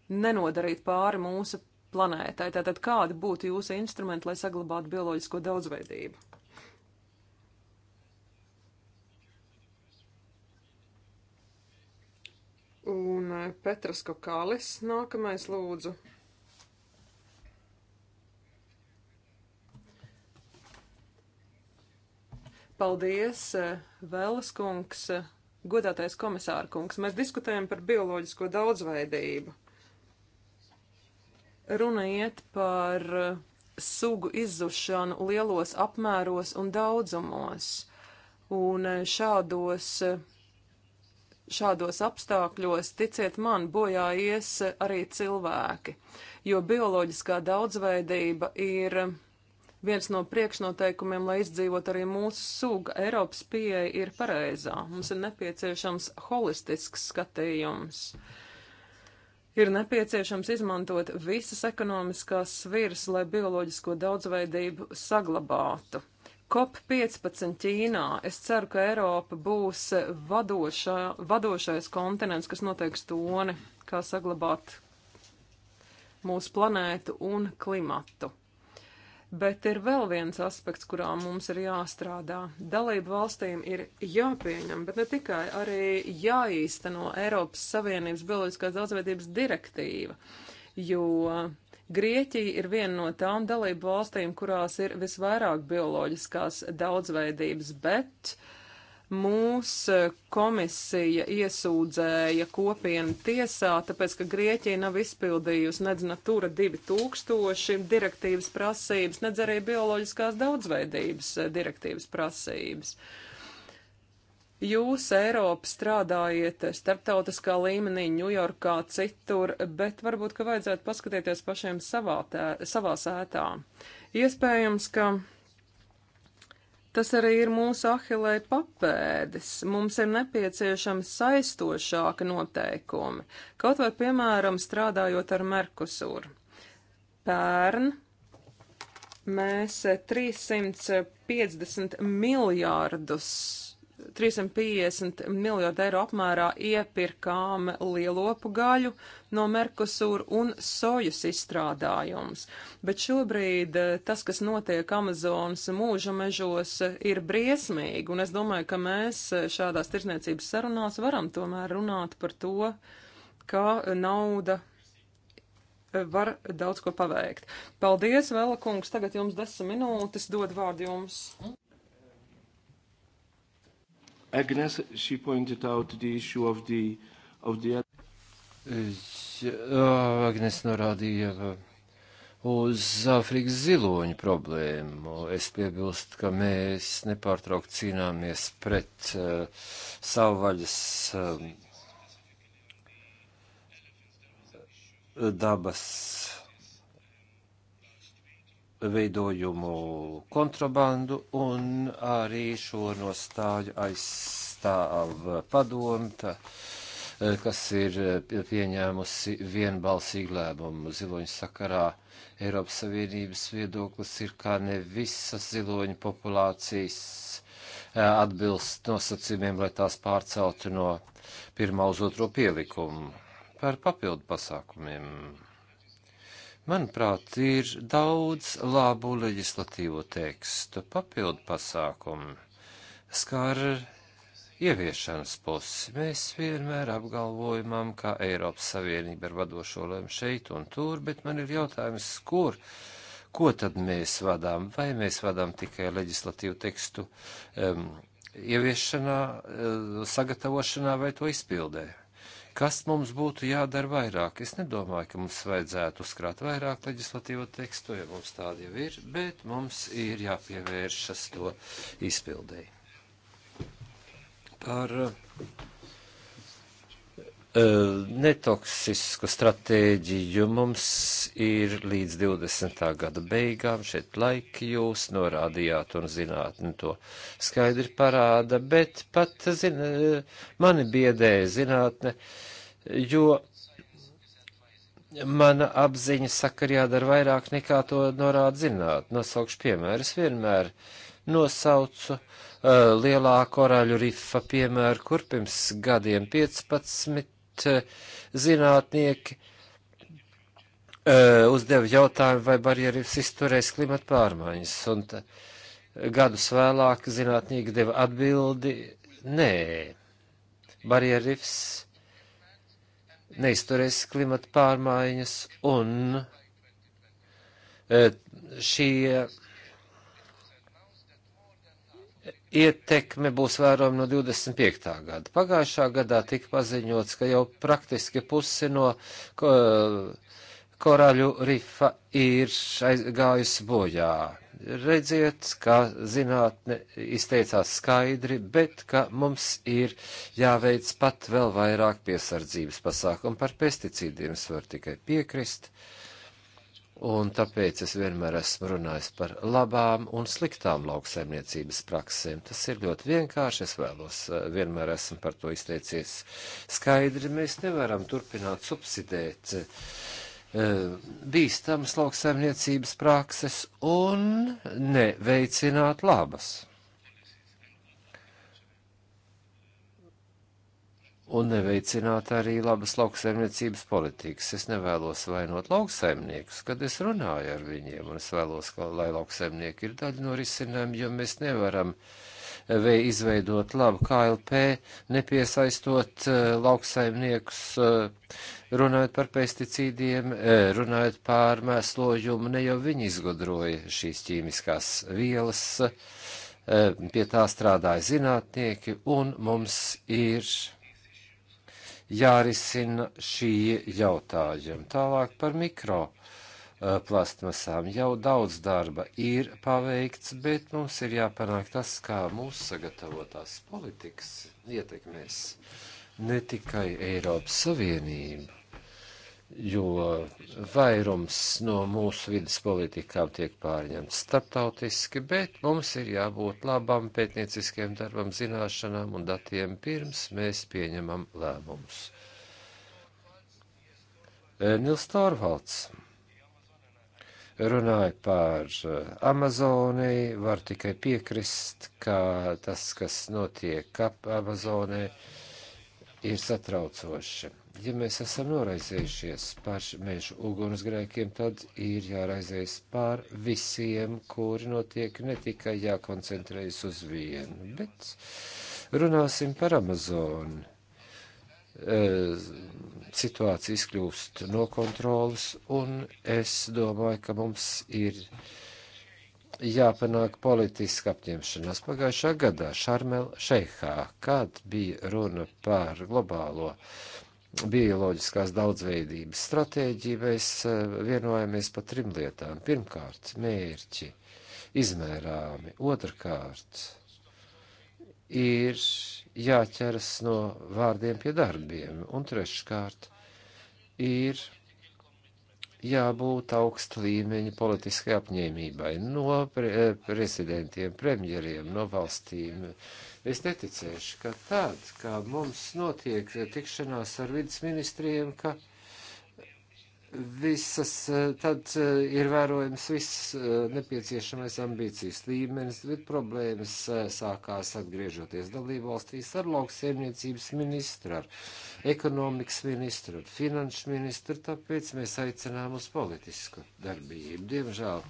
nenodarīt pāri mūsu planētai. Tātad kādi būtu jūsu instrumenti, lai saglabātu bioloģisko daudzveidību? Un eh, Petras Kokālis nākamais lūdzu. Paldies, eh, Vēlas kungs, eh, godātais komisāra kungs. Mēs diskutējam par bioloģisko daudzveidību. Runa iet par eh, sugu izzušanu lielos apmēros un daudzumos. Un šādos, šādos apstākļos, ticiet man, bojā ies arī cilvēki, jo bioloģiskā daudzveidība ir viens no priekšnoteikumiem, lai izdzīvot arī mūsu suga, Eiropas pieeja ir pareizā. Mums ir nepieciešams holistisks skatījums. Ir nepieciešams izmantot visas ekonomiskās sviras, lai bioloģisko daudzveidību saglabātu. COP15 Ķīnā. Es ceru, ka Eiropa būs vadošā, vadošais kontinents, kas noteiks toni, kā saglabāt mūsu planētu un klimatu. Bet ir vēl viens aspekts, kurā mums ir jāstrādā. Dalību valstīm ir jāpieņem, bet ne tikai, arī jāīsteno Eiropas Savienības bioloģiskās daudzveidības direktīva, jo Grieķija ir viena no tām dalību valstīm, kurās ir visvairāk bioloģiskās daudzveidības, bet uh, Mūs eh, komisija iesūdzēja kopienu tiesā, tāpēc, ka Grieķija nav izpildījusi nedz Natura 2000 direktīvas prasības, nedz arī bioloģiskās daudzveidības eh, direktīvas prasības. Jūs Eiropa strādājiet starptautiskā līmenī, Ņujorkā, citur, bet varbūt, ka vajadzētu paskatīties pašiem savā, tē, savā sētā. Iespējams, ka Tas arī ir mūsu ahilē papēdis. Mums ir nepieciešama saistošāka noteikumi, kaut vai, piemēram, strādājot ar Merkusuru. Pērn mēs 350 miljārdus 350 miljardu eiro apmērā iepirkām lielopu gaļu no Merkusūra un sojas izstrādājums. Bet šobrīd eh, tas, kas notiek Amazonas mūža mežos, ir briesmīgi, un es domāju, ka mēs eh, šādās tirsniecības sarunās varam tomēr runāt par to, kā nauda eh, var daudz ko paveikt. Paldies, Vēla kungs, tagad jums desmit minūtes, dod vārdu jums. Agnes, she pointed out the issue of the, of the... Jā, Agnes norādīja uh, uz Āfrikas ziloņu problēmu. Es piebilstu, ka mēs nepārtraukt cīnāmies pret uh, savvaļas um, dabas veidojumu kontrabandu un arī šo nostāju aizstāv padomta eh, kas ir eh, pieņēmusi vienbalsīgu lēmumu ziloņu sakarā. Eiropas Savienības viedoklis ir, kā ne visas ziloņu populācijas eh, atbilst nosacījumiem, lai tās pārceltu no pirmā uz otro pielikumu par papildu pasākumiem. Manuprāt, ir daudz labu leģislatīvo tekstu, papildu pasākumu, skar ieviešanas pusi. Mēs vienmēr apgalvojumam, ka Eiropas Savienība ir vadošo lēmu šeit un tur, bet man ir jautājums, kur, ko tad mēs vadām? Vai mēs vadām tikai leģislatīvu tekstu um, ieviešanā, uh, sagatavošanā vai to izpildē? Kas mums būtu jādara vairāk? Es nedomāju, ka mums vajadzētu uzkrāt vairāk leģislatīvo tekstu, jo ja mums tādi jau ir, bet mums ir jāpievēršas to izpildēji. Par uh, Eh, netoksisku stratēģiju mums ir līdz 20. gada beigām. Šeit laiki jūs norādījāt un zinātni to skaidri parāda, bet pat zina, eh, mani biedē zinātne, jo mana apziņa saka, ir jādara vairāk nekā to norāda zināt. Nosaukšu piemērus vienmēr nosaucu. Uh, eh, lielā korāļu rifa piemēru, kur pirms gadiem 15 bet eh, zinātnieki eh, uzdeva jautājumu, vai barjeras izturēs klimata pārmaiņas. Un tā, gadus vēlāk zinātnieki deva atbildi - nē, barjeras neizturēs klimata pārmaiņas, un eh, šie ietekme būs vērojama no 25. gada. Pagājušā gadā tika paziņots, ka jau praktiski pusi no ko, koraļu rifa ir gājusi bojā. Redziet, ka zinātne izteicās skaidri, bet ka mums ir jāveic pat vēl vairāk piesardzības pasākumu par pesticīdiem, es varu tikai piekrist. Uh, un tāpēc es vienmēr esmu runājis par labām un sliktām lauksaimniecības praksēm. Tas ir ļoti vienkārši, es vēlos, eh, vienmēr esmu par to izteicies skaidri. Mēs nevaram turpināt subsidēt eh, bīstamas lauksaimniecības prakses un neveicināt labas. un neveicināt arī labas lauksaimniecības politikas. Es nevēlos vainot lauksaimniekus, kad es runāju ar viņiem, un es vēlos, lai lauksaimnieki ir daļa no risinājuma, jo mēs nevaram eh, vai izveidot labu KLP, nepiesaistot uh, lauksaimniekus, uh, runājot par pesticīdiem, uh, runājot par mēslojumu, ne jau viņi izgudroja šīs ķīmiskās vielas, uh, pie tā strādāja zinātnieki, un mums ir jārisina šie jautājumi. Tālāk par mikro plastmasām jau daudz darba ir paveikts, bet mums ir jāpanāk tas, kā mūsu sagatavotās politikas ietekmēs ne tikai Eiropas Savienību, jo vairums no mūsu vidas politikām tiek pārņemts starptautiski, bet mums ir jābūt labam pētnieciskiem darbam, zināšanām un datiem pirms mēs pieņemam lēmumus. Eh, Nils Torvalds runāja par eh, Amazoni, var tikai piekrist, ka tas, kas notiek ap Amazonē, ir satraucoši ja mēs esam noraizējušies par mežu ugunsgrēkiem, tad ir jāraizējas par visiem, kuri notiek ne tikai jākoncentrējas uz vienu, bet runāsim par Amazonu. E, situācija izkļūst no kontrolas, un es domāju, ka mums ir jāpanāk politiska apņemšanās. Pagājušā gadā Šarmel Šeihā, kad bija runa par globālo uh, bioloģiskās daudzveidības stratēģiju, mēs e, vienojamies par trim lietām. Pirmkārt, mērķi izmērāmi, otrkārt, ir jāķeras no vārdiem pie darbiem, un treškārt, ir jābūt augsta līmeņa politiskai apņēmībai no pre e, prezidentiem, premjeriem, no valstīm, uh, Es neticēšu, ka tad, kā mums notiek tikšanās ar vidas ministriem, ka visas, tad eh, ir vērojams viss eh, nepieciešamais ambīcijas līmenis, bet problēmas eh, sākās atgriežoties dalību valstīs ar lauksaimniecības ministru, ar ekonomikas ministru, ar finanšu ministru, tāpēc mēs aicinām uz politisku darbību. Diemžēl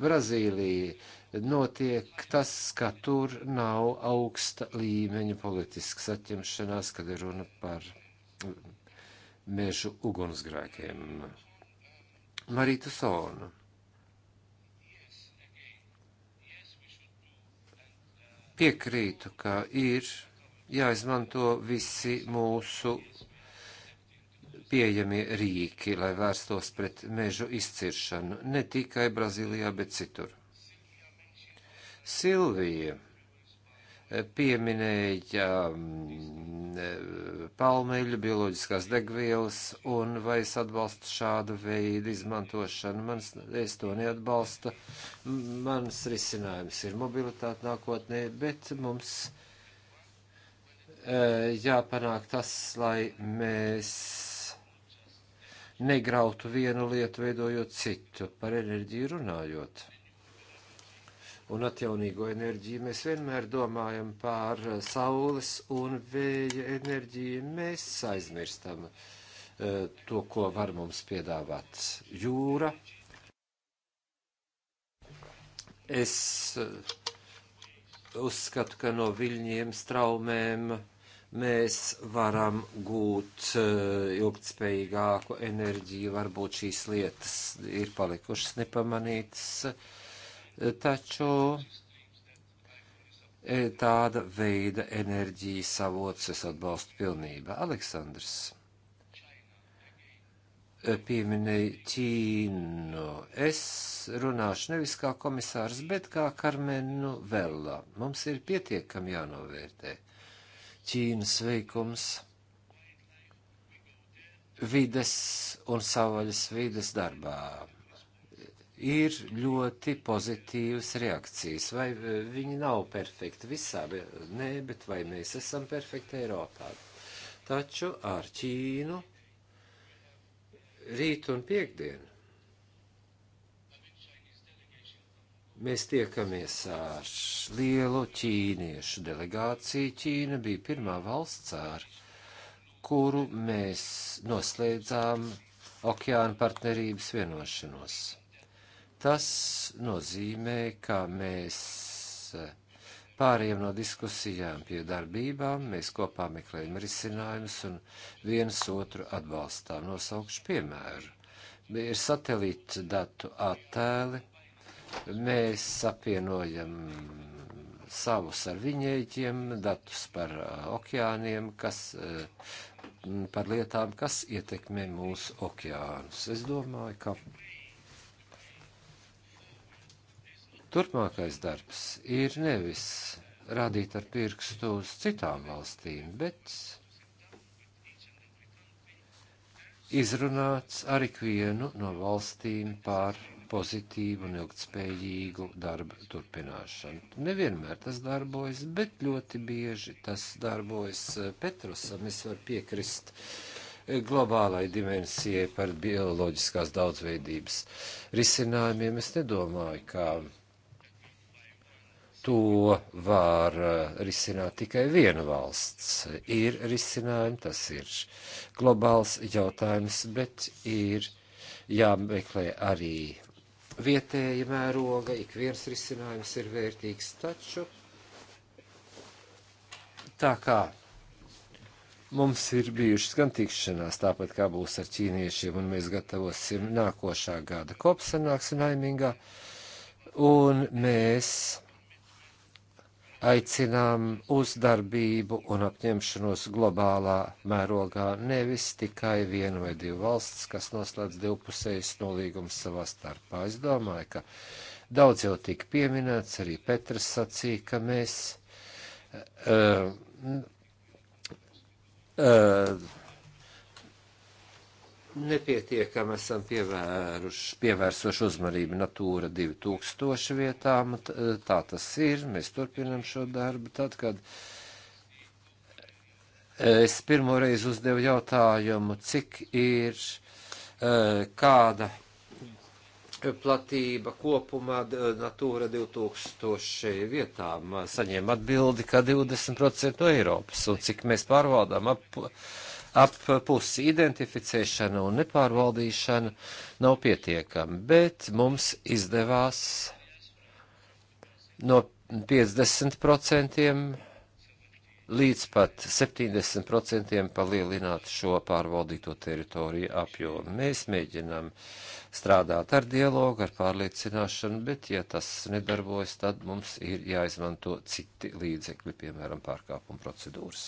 Brazīlija notiek tas, ka tur nav augsta līmeņa politiskas atņemšanās, kad ir runa par mežu ugunsgrēkiem. Marīta Sona. Piekrītu, ka ir jāizmanto visi mūsu pieejamie rīki, lai vērstos pret mežu izciršanu ne tikai Brazīlijā, bet citur. Silvija eh, pieminēja mm, eh, palmeļu, bioloģiskās degvielas un vai es atbalstu šādu veidu izmantošanu. Mans, es to neatbalstu. Mans risinājums ir mobilitāte nākotnē, bet mums eh, jāpanāk tas, lai mēs negrautu vienu lietu, veidojot citu, par enerģiju runājot un atjaunīgo enerģiju. Mēs vienmēr domājam par eh, saules un vēja enerģiju. Mēs aizmirstam eh, to, ko var mums piedāvāt jūra. Es eh, uzskatu, ka no viļņiem, straumēm mēs varam gūt ilgtspējīgāku enerģiju. Varbūt šīs lietas ir palikušas nepamanītas Taču e, tāda veida enerģijas avots es atbalstu pilnībā. Aleksandrs e, pieminēja Ķīnu. Es runāšu nevis kā komisārs, bet kā Karmenu Vellā. Mums ir pietiekami jānovērtē Ķīnas veikums vides un savaļas vides darbā ir ļoti pozitīvas reakcijas. Vai eh, viņi nav perfekti visā, bet, nē, bet vai mēs esam perfekti Eiropā? Taču ar Ķīnu rīt un piekdienu mēs tiekamies ar lielu ķīniešu delegāciju. Ķīna bija pirmā valsts ar kuru mēs noslēdzām okeāna partnerības vienošanos. Tas nozīmē, ka mēs e, pāriem no diskusijām pie darbībām, mēs kopā meklējam risinājumus un viens otru atbalstām. Nosaukšu piemēru. Ir satelīta datu attēli, mēs apvienojam savus ar viņiem, datus par e, okeāniem, kas, e, par lietām, kas ietekmē mūsu okeānus. Es domāju, ka Turpmākais darbs ir nevis rādīt ar pirkstu uz citām valstīm, bet izrunāts ar ikvienu no valstīm par pozitīvu un ilgtspējīgu darbu turpināšanu. Nevienmēr tas darbojas, bet ļoti bieži tas darbojas. Eh, Petrusam es varu piekrist eh, globālai dimensijai par bioloģiskās daudzveidības risinājumiem. Es nedomāju, ka to var eh, risināt tikai viena valsts. Ir risinājumi, tas ir globāls jautājums, bet ir jāmeklē arī vietēja mēroga, ik viens risinājums ir vērtīgs, taču tā kā Mums ir bijušas gan tikšanās, tāpat kā būs ar ķīniešiem, un mēs gatavosim nākošā gada kopsanāksmi laimīgā, un mēs aicinām uz darbību un apņemšanos globālā mērogā, nevis tikai viena vai divu valsts, kas noslēdz divpusējas nolīgumus savā starpā. Es domāju, ka daudz jau tika pieminēts, arī Petrs sacīja, ka mēs. Uh, uh, nepietiekami esam pievēruši, pievērsuši uzmanību Natūra 2000 vietām. E, tā tas ir, mēs turpinam šo darbu. Tad, kad es pirmoreiz uzdevu jautājumu, cik ir e, kāda platība kopumā e, Natūra 2000 vietām, saņēma atbildi, ka 20% no Eiropas un cik mēs pārvaldām ap ap pusi identificēšana un nepārvaldīšana nav pietiekama, bet mums izdevās no 50% līdz pat 70% palielināt šo pārvaldīto teritoriju apjomu. Mēs mēģinām strādāt ar dialogu, ar pārliecināšanu, bet ja tas nedarbojas, tad mums ir jāizmanto citi līdzekļi, piemēram, pārkāpuma procedūras.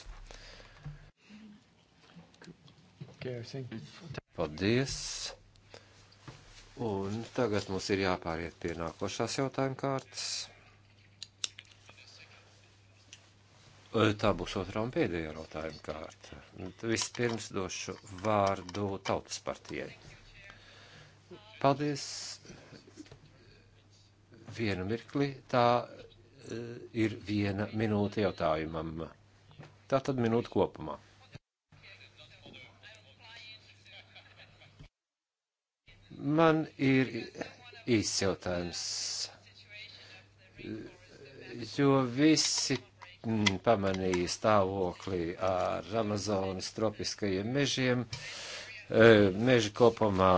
Paldies! Un tagad mums ir jāpāriet pie nākošās jautājuma kārtas. Tā būs otrā un pēdējā jautājuma kārta. Vispirms došu vārdu tautas partijai. Paldies! Vienu mirkli. Tā ir viena minūte jautājumam. Tā tad minūte kopumā. Man ir īsts jautājums, jo visi mm, pamanīja stāvokli ar Amazonas tropiskajiem mežiem. E, meži kopumā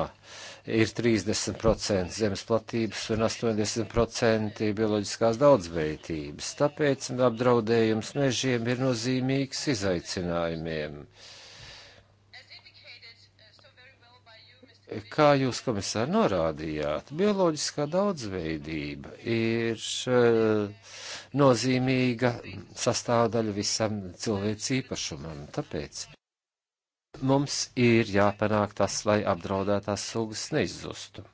ir 30% zemes platības un 80% bioloģiskās daudzveidības. Tāpēc apdraudējums mežiem ir nozīmīgs izaicinājumiem. Uh, Kā jūs, komisār, norādījāt, bioloģiskā daudzveidība ir eh, nozīmīga sastāvdaļa visam cilvēks īpašumam. Tāpēc mums ir jāpanāk tas, lai apdraudētās sugas neizzustu.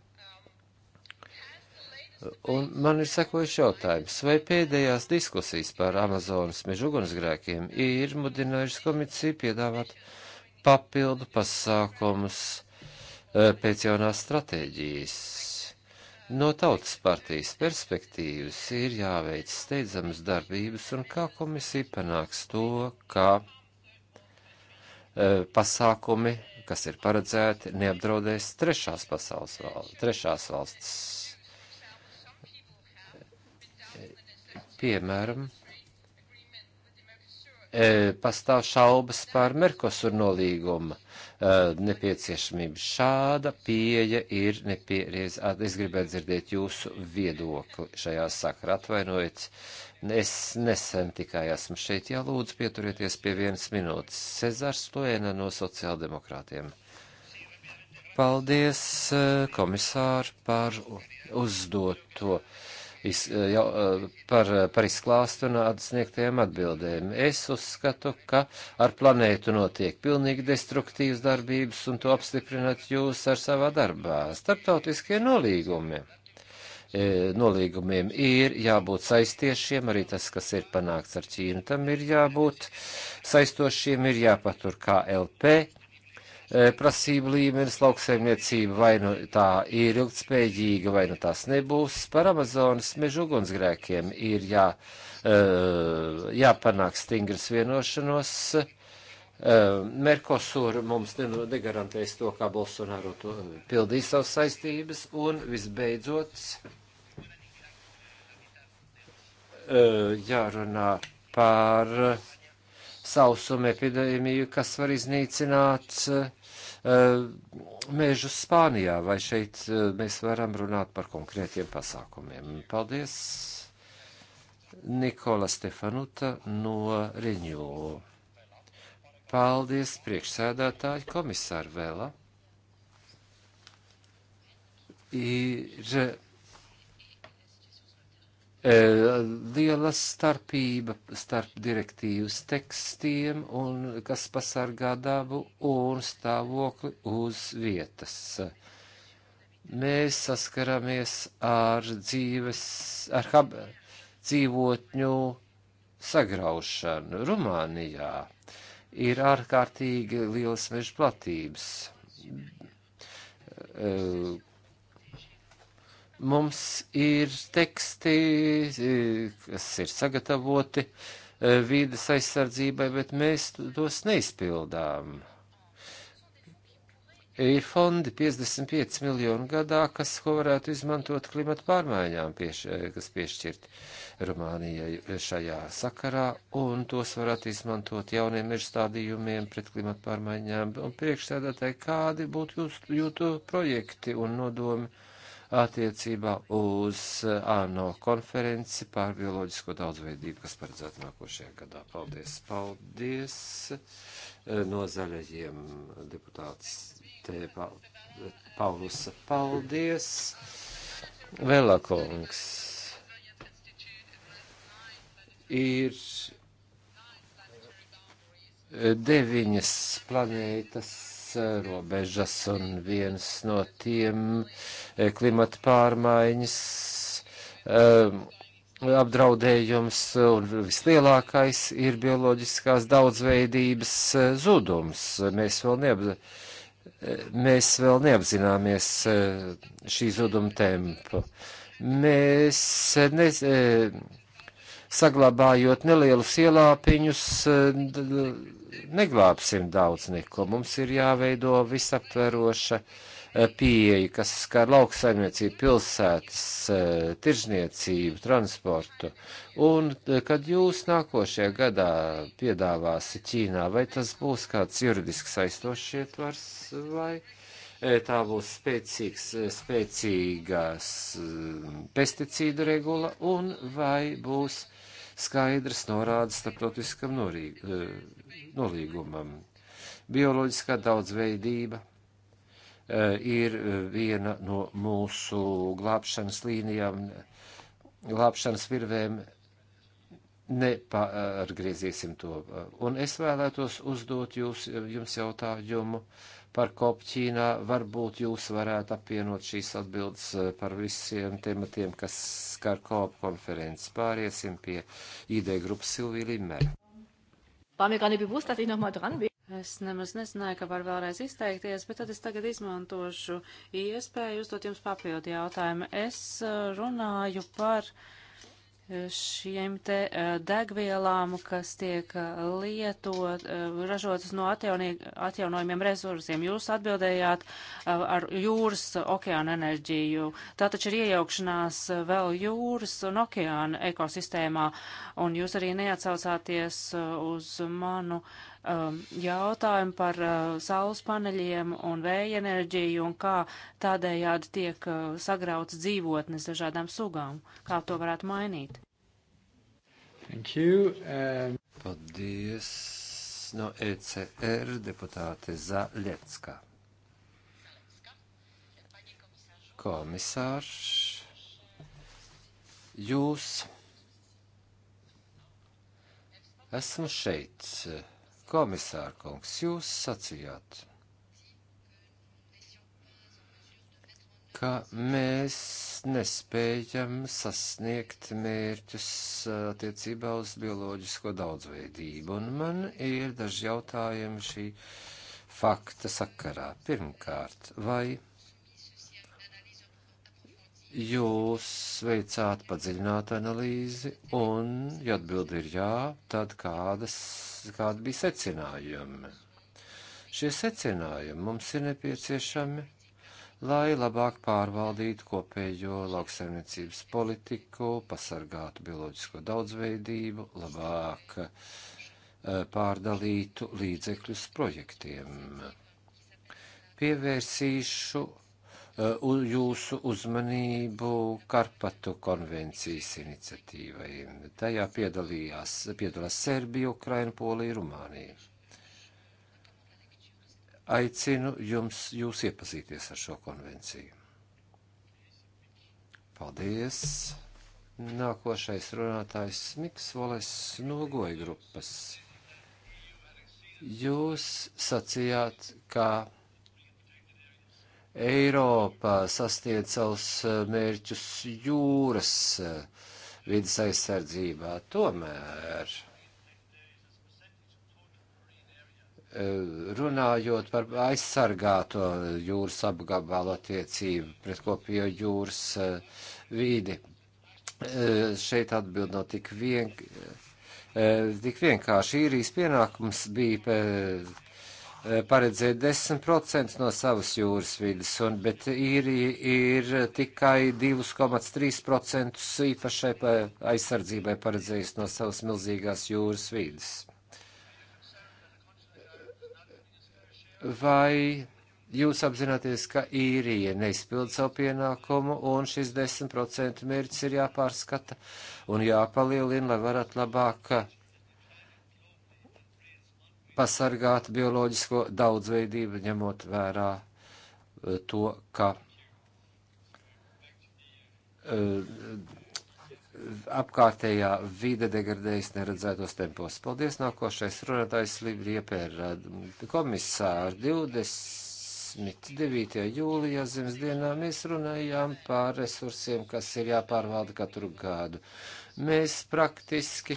Un man ir sekojuši jautājums, vai pēdējās diskusijas par Amazonas mežu ugunsgrēkiem ir mudinājušas komisiju piedāvāt papildu pasākumus Eh, pēc jaunās stratēģijas. No tautas partijas perspektīvas ir jāveic steidzamas darbības un kā komisija panāks to, ka eh, pasākumi, kas ir paredzēti, neapdraudēs trešās pasaules valsts, trešās valsts. Piemēram, E, pastāv šaubas par Merkosur nolīguma e, nepieciešamību. Šāda pieeja ir nepierēza. Es gribētu dzirdēt jūsu viedokli šajā sakarā. Atvainojiet, es nesen tikai esmu šeit. Jā, lūdzu, pieturieties pie vienas minūtes. Cezars Toēna no sociāldemokrātiem. Paldies, e, komisāri, par uzdoto. Uh, iz, eh, jau, eh, par, eh, par izklāstu un atsniegtajām atbildēm. Es uzskatu, ka ar planētu notiek pilnīgi destruktīvas darbības, un to apstiprināt jūs ar savā darbā. Starptautiskie nolīgumi. Nolīgumiem ir jābūt saistiešiem, arī tas, kas ir panākts ar Ķīnu, tam ir jābūt saistošiem, ir jāpatur KLP E, prasību līmenis lauksaimniecība, vai nu tā ir ilgtspējīga, vai nu tās nebūs. Par Amazonas mežu ugunsgrēkiem ir jā, e, jāpanāk stingras vienošanos. E, Merkosur mums negarantēs to, kā Bolsonaro to pildīs savas saistības, un visbeidzot jārunā par sausuma epidēmiju, kas var iznīcināt uh, eh, mežus Spānijā, vai šeit uh, mēs varam runāt par konkrētiem pasākumiem. Paldies, Nikola Stefanuta no Riņū. Paldies, priekšsēdētāji, komisāri Vēla. Ir Eh, liela starpība starp direktīvas tekstiem, un, kas pasargā dabu un stāvokli uz vietas. Mēs saskaramies ar dzīves, ar hab, dzīvotņu sagraušanu. Rumānijā ir ārkārtīgi liels meža platības, eh, Mums ir teksti, e, kas ir sagatavoti e, vīdes aizsardzībai, bet mēs tos neizpildām. Ir fondi 55 miljonu gadā, kas, ko varētu izmantot klimata pārmaiņām, pieš, e, kas piešķirt Rumānijai šajā sakarā, un tos varētu izmantot jauniem mirstādījumiem pret klimata pārmaiņām. Un priekšsēdētāji, kādi būtu jūsu projekti un nodomi? attiecībā uz eh, ANO konferenci par bioloģisko daudzveidību, kas paredzēta nākošajā gadā. Paldies! Paldies! Eh, no zaļajiem deputāts T. Pa, Paulus. Paldies! Velakungs ir deviņas planētas robežas, un viens no tiem eh, klimata pārmaiņas eh, apdraudējums un vislielākais ir bioloģiskās daudzveidības eh, zudums. Mēs vēl, neap, mēs vēl neapzināmies šī zuduma tempu. Mēs ne, saglabājot nelielus ielāpiņus, eh, neglābsim daudz neko. Mums ir jāveido visaptveroša eh, pieeja, kas skar lauksaimniecību, pilsētas, eh, tirzniecību, transportu. Un kad jūs nākošajā gadā piedāvāsiet Ķīnā, vai tas būs kāds juridiski saistošs ietvars vai tā būs spēcīgs, spēcīgās pesticīdu regula un vai būs skaidrs norādes starptautiskam eh, nolīgumam. Bioloģiskā daudzveidība eh, ir eh, viena no mūsu glābšanas līnijām, glābšanas virvēm. Nepārgriezīsim to. Un es vēlētos uzdot jūs, jums jautājumu par Kopķīnā. Varbūt jūs varētu apvienot šīs atbildes eh, par visiem tematiem, kas skar Kopu konferences. Pāriesim pie ID grupas Silvija Limera. War mir gar nicht bewusst, dass ich nochmal dran bin. Es nemaz nezināju, ka var vēlreiz izteikties, bet tad es tagad izmantošu iespēju uzdot jums papildu jautājumu. Es eh, runāju par uh, šiem te degvielām, kas tiek lietot, ražotas no atjaunojumiem resursiem. Jūs atbildējāt ar jūras okeāna enerģiju. Tā taču ir iejaukšanās vēl jūras un okeāna ekosistēmā, un jūs arī neatsaucāties uz manu uh, um, jautājumu par uh, saules paneļiem un vēja enerģiju un kā tādējādi tiek uh, sagrauts dzīvotnes dažādām sugām. Kā to varētu mainīt? Thank you. Um... Paldies no ECR deputāte Zaļecka. Komisārs, jūs esmu šeit Komisārkungs, jūs sacījāt, ka mēs nespējam sasniegt mērķus attiecībā uz bioloģisko daudzveidību, un man ir daži jautājumi šī fakta sakarā. Pirmkārt, vai jūs veicāt padziļinātu analīzi, un, ja atbildi ir jā, tad kādas, kādi bija secinājumi? Šie secinājumi mums ir nepieciešami lai labāk pārvaldītu kopējo lauksaimniecības politiku, pasargātu bioloģisko daudzveidību, labāk eh, pārdalītu līdzekļus projektiem. Pievērsīšu Uh, jūsu uzmanību Karpatu konvencijas iniciatīvai. Tajā piedalījās, piedalās Serbija, Ukraina, Polija, Rumānija. Aicinu jums, jūs iepazīties ar šo konvenciju. Paldies! Nākošais runātājs Miks Voles no Goja grupas. Jūs sacījāt, ka Eiropā sasniedz savus eh, mērķus jūras eh, vidas aizsardzībā. Tomēr, eh, runājot par aizsargāto jūras apgabalu attiecību pret kopējo jūras vidi, šeit atbild nav no tik vienkārši. Tik vienkārši īrijas pienākums bija Eh, paredzēt 10% no savas jūras vidas, un, bet ir, ir tikai 2,3% īpašai aizsardzībai paredzējis no savas milzīgās jūras vidas. Vai jūs apzināties, ka īrija neizpild savu pienākumu, un šis 10% mērķis ir jāpārskata un jāpalielina, lai varat labāk pasargāt bioloģisko daudzveidību, ņemot vērā e, to, ka e, apkārtējā vide degradējas neredzētos tempos. Paldies, nākošais runātājs Libri Iepērā. Komisāri 29. jūlijā zemes dienā mēs runājām par resursiem, kas ir jāpārvalda katru gadu. Mēs praktiski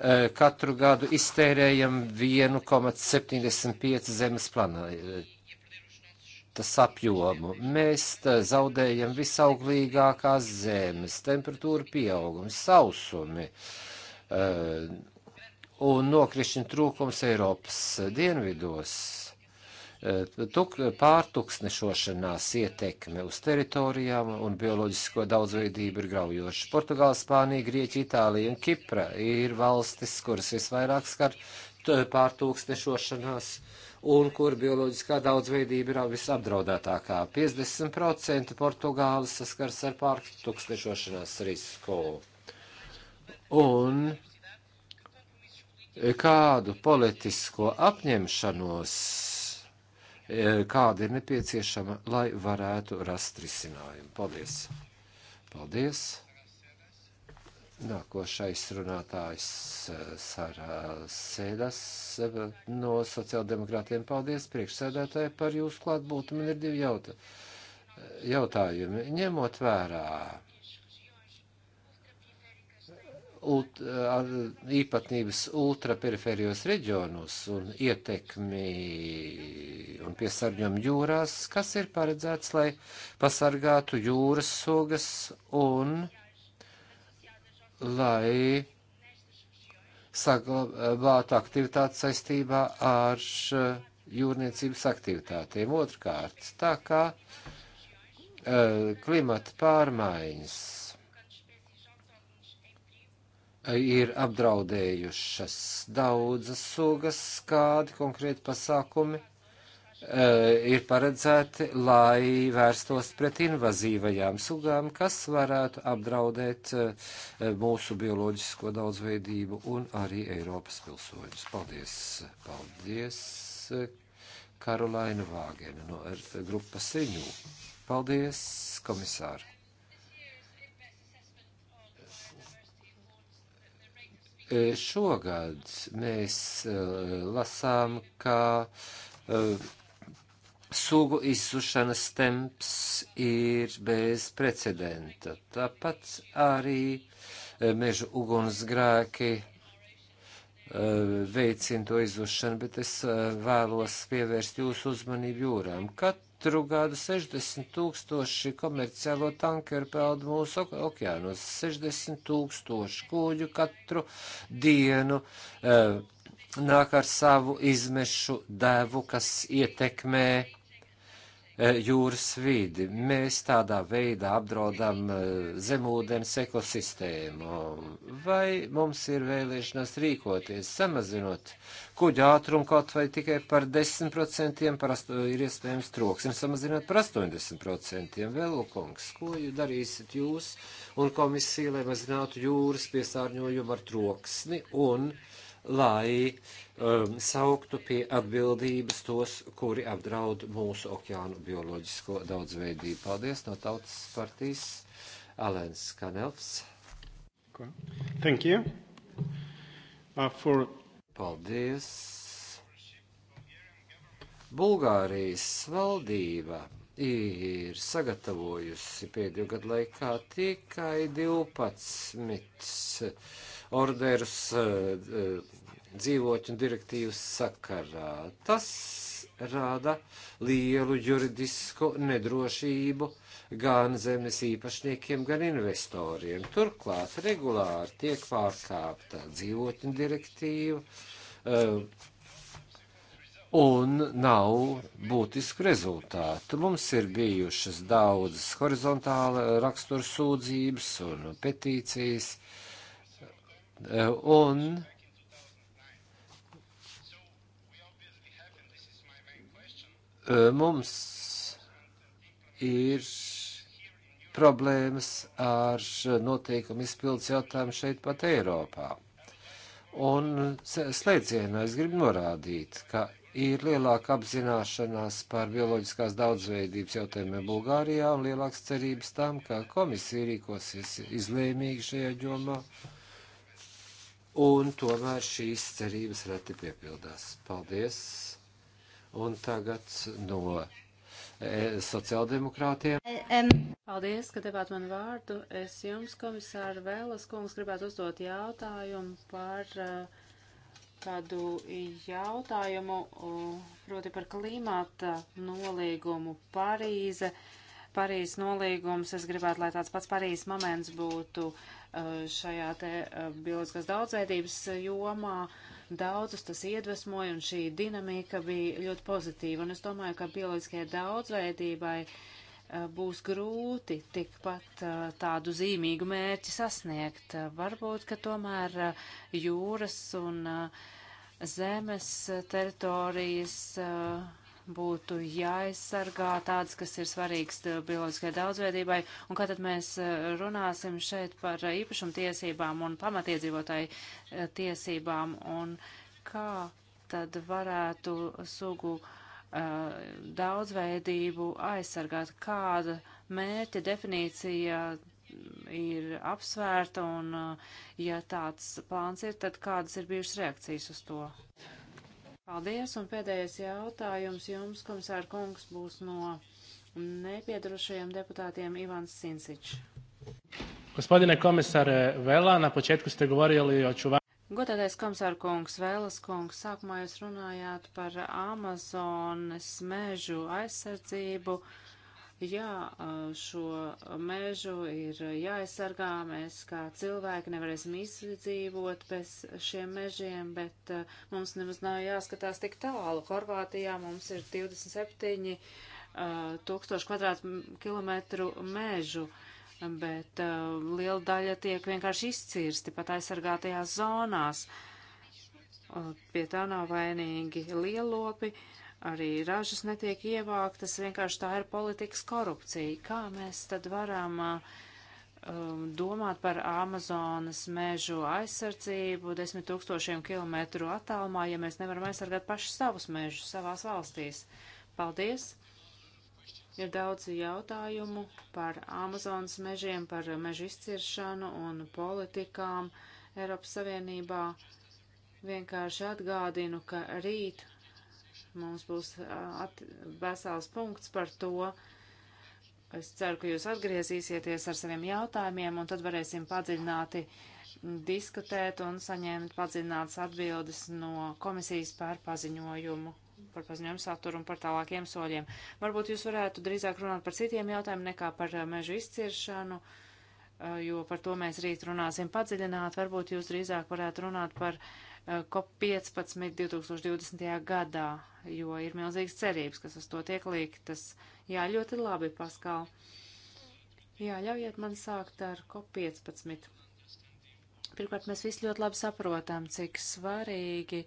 Eh, katru gadu iztērējam 1,75 zemes planētas apjomu. Mēs zaudējam visauglīgākās zemes, temperatūra pieaugums, sausumi eh, un nokrišņu trūkums Eiropas dienvidos Eh, tuk, pārtuksnešošanās ietekme uz teritorijām un bioloģisko daudzveidību ir graujoša. Portugāla, Spānija, Grieķija, Itālija un Kipra ir valstis, kuras visvairāk skar pārtuksnešošanās un kur bioloģiskā daudzveidība ir visapdraudētākā. 50% Portugāla saskars ar pārtuksnešošanās risku. Un kādu politisko apņemšanos E, kāda ir nepieciešama, lai varētu rast risinājumu. Paldies! Paldies! Nākošais runātājs e, Sara Sēdas e, no sociāldemokrātiem. Paldies priekšsēdētāji par jūsu klātbūtu. Man ir divi jautājumi. Ņemot vērā ult, ar īpatnības ultraperiferijos reģionos un ietekmi un piesārņojumu jūrās, kas ir paredzēts, lai pasargātu jūras sugas un lai saglabātu aktivitāti saistībā ar jūrniecības aktivitātēm. Otrkārt, tā kā uh, klimata pārmaiņas ir apdraudējušas daudzas sugas, kādi konkrēti pasākumi e, ir paredzēti, lai vērstos pret invazīvajām sugām, kas varētu apdraudēt e, mūsu bioloģisko daudzveidību un arī Eiropas pilsoņus. Paldies! Paldies! Karolaina Vāgena no er, grupas Riņū. Paldies, komisāri! E, šogad mēs e, lasām, ka e, sugu izsušanas temps ir bez precedenta. Tāpat arī mežu ugunsgrēki veicina to izzušanu, bet es vēlos pievērst jūsu uzmanību jūrām. Kat katru gadu 60 tūkstoši komerciālo tankeru peld mūsu okeānos, 60 tūkstoši kuģu katru dienu uh, nāk ar savu izmešu devu, kas ietekmē E, jūras vidi. Mēs tādā veidā apdraudam e, zemūdens ekosistēmu. Vai mums ir vēlēšanās rīkoties, samazinot kuģa ātrumu kaut vai tikai par 10%, par astu, ir iespējams troksim samazināt par 80%. Vēlukungs, ko jūs darīsiet jūs un komisija, lai mazinātu jūras piesārņojumu ar troksni un lai um, sauktu pie atbildības tos, kuri apdraud mūsu okeānu bioloģisko daudzveidību. Paldies no Tautas partijas Alēns Kanelfs. Thank you. Uh, for... Paldies. Bulgārijas valdība ir sagatavojusi pēdējo gadu laikā tikai 12 orderus uh, uh dzīvotņu direktīvas sakarā. Tas rāda lielu juridisku nedrošību gan zemes īpašniekiem, gan investoriem. Turklāt regulāri tiek pārkāpta dzīvotņu direktīva. Uh, un nav būtisku rezultātu. Mums ir bijušas daudzas horizontāla rakstura sūdzības un petīcijas, eh, un Mums ir problēmas ar noteikumu izpildes jautājumu šeit pat Eiropā. Un slēdzienā es gribu norādīt, ka ir lielāka apzināšanās par bioloģiskās daudzveidības jautājumiem Bulgārijā un lielāks cerības tam, ka komisija rīkosies izlēmīgi šajā jomā. Un tomēr šīs cerības reti piepildās. Paldies! Un tagad no e, sociāldemokrātiem. Paldies, ka devāt man vārdu. Es jums, komisāra Vēlas kungs, gribētu uzdot jautājumu par kādu e, jautājumu, proti par klimata nolīgumu Parīze. Parīzes nolīgums, es gribētu, lai tāds pats Parīzes moments būtu e, šajā te bioloģiskās daudzveidības jomā. Uh, Daudzus tas iedvesmoja, un šī dinamika bija ļoti pozitīva. Un es domāju, ka bioloģiskajai daudzveidībai eh, būs grūti tikpat eh, tādu zīmīgu mērķi sasniegt. Eh, varbūt, ka tomēr jūras un zemes teritorijas būtu jāaizsargā tādas, kas ir svarīgas uh, bioloģiskajai daudzveidībai, un kā tad mēs uh, runāsim šeit par uh, īpašumu tiesībām un pamatiedzīvotāju tiesībām, un kā tad varētu sugu uh, daudzveidību aizsargāt, kāda mērķa definīcija ir apsvērta, un uh, ja tāds plāns ir, tad kādas ir bijušas reakcijas uz to? Paldies, un pēdējais jautājums jums, komisāra kungs, būs no nepiedarušajiem deputātiem Ivans Sinsić. Gospodine komisāre Vēlā, na početku ste govorili o čuvanju. Godātais komisāra kungs, Vēlas kungs, sākumā jūs runājāt par Amazonas mežu aizsardzību. Uh, Jā, šo mežu ir jāaizsargā. Mēs kā cilvēki nevarēsim izdzīvot bez šiem mežiem, bet eh, mums nemaz nav jāskatās tik tālu. Horvātijā mums ir 27 eh, tūkstoši kvadrātkilometru mežu, bet eh, liela daļa tiek vienkārši izcirsti pat aizsargātajās zonās. Pie tā nav vainīgi lielopi. Uh, arī ražas netiek ievāktas, vienkārši tā ir politikas korupcija. Kā mēs tad varam uh, um, domāt par Amazonas mežu aizsardzību desmit tūkstošiem kilometru attālumā, ja mēs nevaram aizsargāt paši savus mežus savās valstīs. Paldies! Ir daudz jautājumu par Amazonas mežiem, par mežu izciršanu un politikām Eiropas Savienībā. Vienkārši atgādinu, ka rīt Mums būs vesels punkts par to. Es ceru, ka jūs atgriezīsieties ar saviem jautājumiem, un tad varēsim padziļināti diskutēt un saņemt padziļinātas atbildes no komisijas par paziņojumu, par paziņojumu saturu un par tālākiem soļiem. Varbūt jūs varētu drīzāk runāt par citiem jautājumiem nekā par mežu izciršanu, jo par to mēs rīt runāsim padziļināt. Varbūt jūs drīzāk varētu runāt par uh, COP15 2020. gadā, jo ir milzīgas cerības, kas uz to tiek liktas. Jā, ļoti labi, Paskal. Jā, ļaujiet man sākt ar COP15. Pirmkārt, mēs visi ļoti labi saprotam, cik svarīgi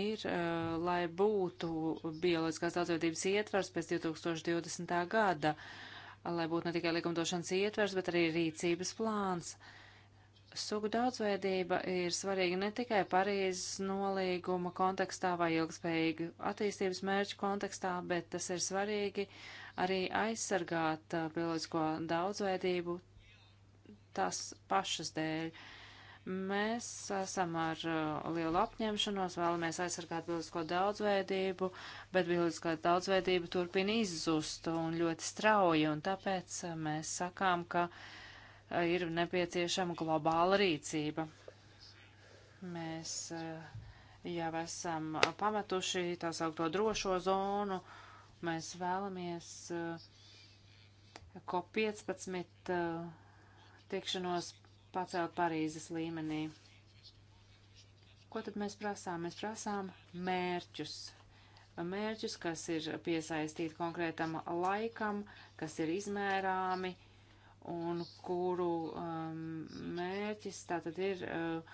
ir, uh, lai būtu bioloģiskās daudzveidības ietvars pēc 2020. gada, lai būtu ne tikai likumdošanas ietvars, bet arī rīcības plāns. Uh, Sugu daudzveidība ir svarīga ne tikai Parīzes nolīguma kontekstā vai ilgspējīgu attīstības mērķu kontekstā, bet tas ir svarīgi arī aizsargāt uh, bioloģisko daudzveidību tās pašas dēļ. Mēs esam ar uh, lielu apņemšanos, vēlamies aizsargāt bioloģisko daudzveidību, bet bioloģiskā daudzveidība turpina izzust un ļoti strauji, un tāpēc uh, mēs sakām, ka uh, ir nepieciešama globāla rīcība. Mēs eh, jau esam pametuši tā saukto drošo zonu. Mēs vēlamies COP15 eh, eh, tikšanos pacelt Parīzes līmenī. Ko tad mēs prasām? Mēs prasām mērķus. Mērķus, kas ir piesaistīti konkrētam laikam, kas ir izmērāmi, uh, un kuru um, mērķis tātad ir uh,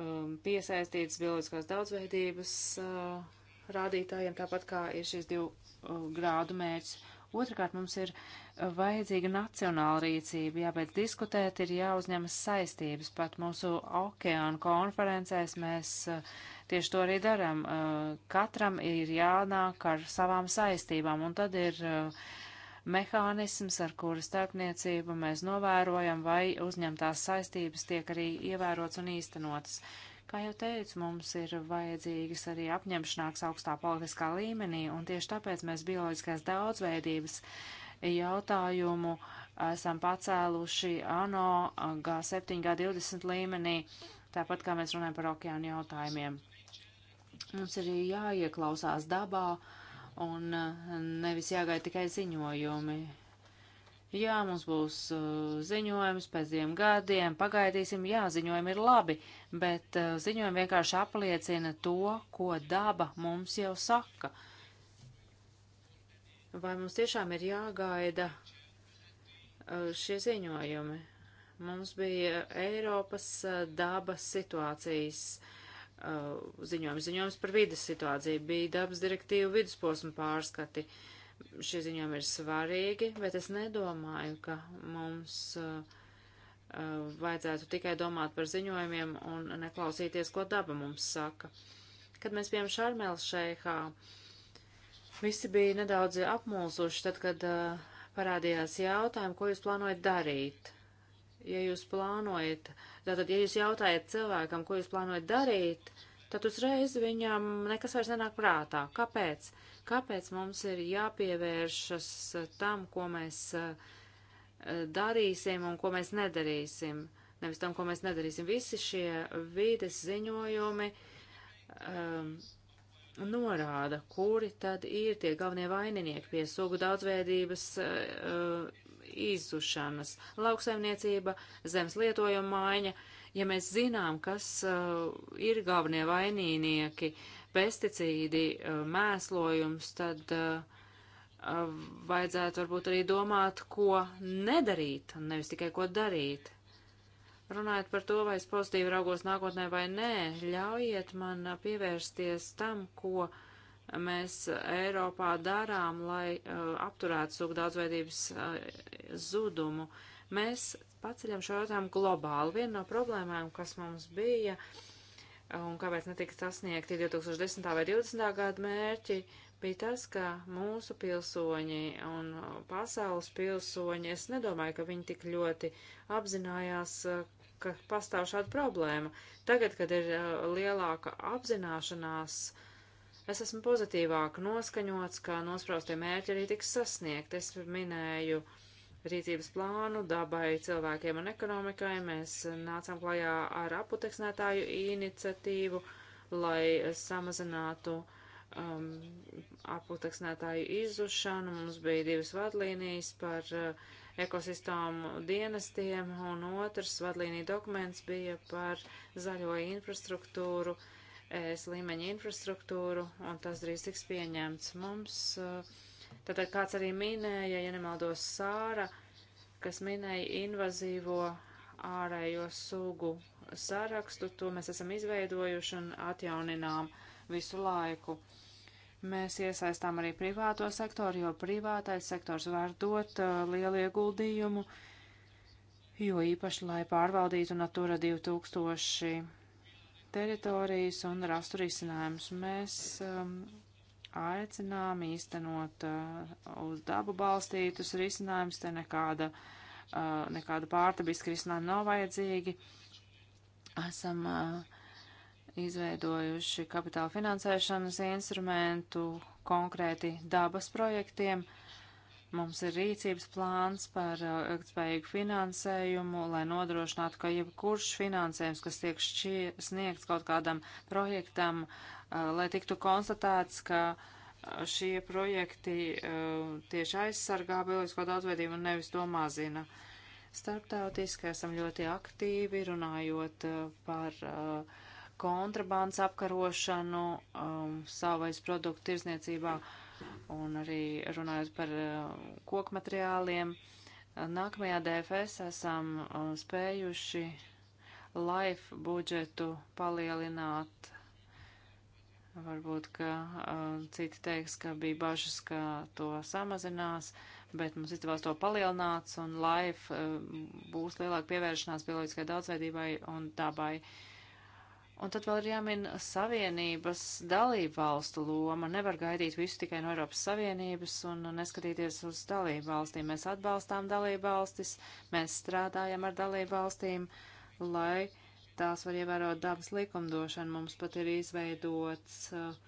um, piesaistīts bioloģiskās daudzveidības uh, rādītājiem, tāpat kā ir šis divu uh, grādu mērķis. Otrakārt, mums ir uh, vajadzīga nacionāla rīcība, jābeidz diskutēt, ir jāuzņemas saistības. Pat mūsu okeāna konferencēs mēs uh, tieši to arī darām. Uh, katram ir jānāk ar savām saistībām, un tad ir mehānisms, ar kuru starpniecību mēs novērojam, vai uzņemtās saistības tiek arī ievērots un īstenotas. Kā jau teicu, mums ir vajadzīgas arī apņemšanāks augstā politiskā līmenī, un tieši tāpēc mēs bioloģiskās daudzveidības jautājumu esam pacēluši ANO G7, G20 līmenī, tāpat kā mēs runājam par okeānu jautājumiem. Mums ir jāieklausās dabā, uh, un eh, nevis jāgaida tikai ziņojumi. Jā, mums būs eh, ziņojums pēc diviem gadiem, pagaidīsim, jā, ziņojumi ir labi, bet eh, ziņojumi vienkārši apliecina to, ko daba mums jau saka. Vai mums tiešām ir jāgaida šie ziņojumi? Mums bija Eiropas dabas situācijas uh, Uh, ziņojums. Ziņojums par vidas situāciju bija dabas direktīva vidusposma pārskati. Šie ziņojumi ir svarīgi, bet es nedomāju, ka mums uh, uh, vajadzētu tikai domāt par ziņojumiem un neklausīties, ko daba mums saka. Kad mēs bijām Šarmēlas šeihā, visi bija nedaudz apmulsuši, tad, kad uh, parādījās jautājumi, ko jūs plānojat darīt. Ja jūs plānojat uh, Tātad, ja jūs jautājat cilvēkam, ko jūs plānojat darīt, tad uzreiz viņam nekas vairs nenāk prātā. Kāpēc? Kāpēc mums ir jāpievēršas eh, tam, ko mēs eh, darīsim un ko mēs nedarīsim? Nevis tam, ko mēs nedarīsim. Visi šie vīdes ziņojumi um, norāda, kuri tad ir tie galvenie vaininieki pie sugu daudzveidības uh, izzušanas, lauksaimniecība, zemes lietojuma maiņa. Ja mēs zinām, kas uh, ir galvenie vainīnieki, pesticīdi, uh, mēslojums, tad uh, uh vajadzētu varbūt arī domāt, ko nedarīt, un nevis tikai ko darīt. Runājot par to, vai es pozitīvi raugos nākotnē vai nē, ļaujiet man uh, pievērsties tam, ko uh, mēs uh, Eiropā darām, lai uh, apturētu sugu daudzveidības uh, zudumu. Mēs paceļam šo jautājumu globāli. Viena no problēmām, kas mums bija un kāpēc netika sasniegti 2010. vai 2020. gada mērķi, bija tas, ka mūsu pilsoņi un pasaules pilsoņi, es nedomāju, ka viņi tik ļoti apzinājās, uh, ka pastāv šāda problēma. Tagad, kad ir uh, lielāka apzināšanās, uh, Es esmu pozitīvāk noskaņots, ka nospraustie mērķi arī tiks sasniegt. Es minēju rīcības plānu dabai, cilvēkiem un ekonomikai. Mēs nācām klajā ar aputeksnētāju iniciatīvu, lai samazinātu um, aputeksnētāju izušanu. Mums bija divas vadlīnijas par uh, ekosistēmu dienestiem, un otrs vadlīnija dokuments bija par zaļo infrastruktūru uh, ES līmeņa infrastruktūru, un tas drīz tiks pieņemts. Mums, eh, tātad kāds arī minēja, ja nemaldos Sāra, kas minēja invazīvo ārējo sugu sarakstu, to mēs esam izveidojuši un atjauninām visu laiku. Mēs iesaistām arī privāto sektoru, jo privātais sektors var dot uh, lielu ieguldījumu, jo īpaši, lai pārvaldītu Natura 2000 teritorijas un rastu risinājumus. Mēs um, aicinām īstenot uh, uz dabu balstītus risinājumus, te nekāda, uh, nekāda pārtabiska risinājuma nav vajadzīgi. Esam uh, izveidojuši kapitāla finansēšanas instrumentu konkrēti dabas projektiem. Uh, Mums ir rīcības plāns par uh, ilgtspējīgu finansējumu, lai nodrošinātu, ka jebkurš finansējums, kas tiek šķir, sniegts kaut kādam projektam, uh, lai tiktu konstatēts, ka uh, šie projekti tieši aizsargā bioloģisko daudzveidību un nevis to mazina. Starptautiski esam ļoti aktīvi runājot par kontrabandas apkarošanu um, savais produktu tirzniecībā. Mm un arī runājot par eh, koku materiāliem. Eh, nākamajā DFS esam eh, spējuši life budžetu palielināt Varbūt, ka uh, citi teiks, ka bija bažas, ka to samazinās, bet mums izdevās to palielināts un life uh, būs lielāka pievēršanās bioloģiskai daudzveidībai un dabai. Uh, Un tad vēl ir jāmin Savienības dalību valstu loma. Nevar gaidīt visu tikai no Eiropas Savienības un neskatīties uz dalību valstīm. Mēs atbalstām dalību valstis, mēs strādājam ar dalību valstīm, lai tās var ievērot dabas likumdošanu. Mums pat ir izveidots uh,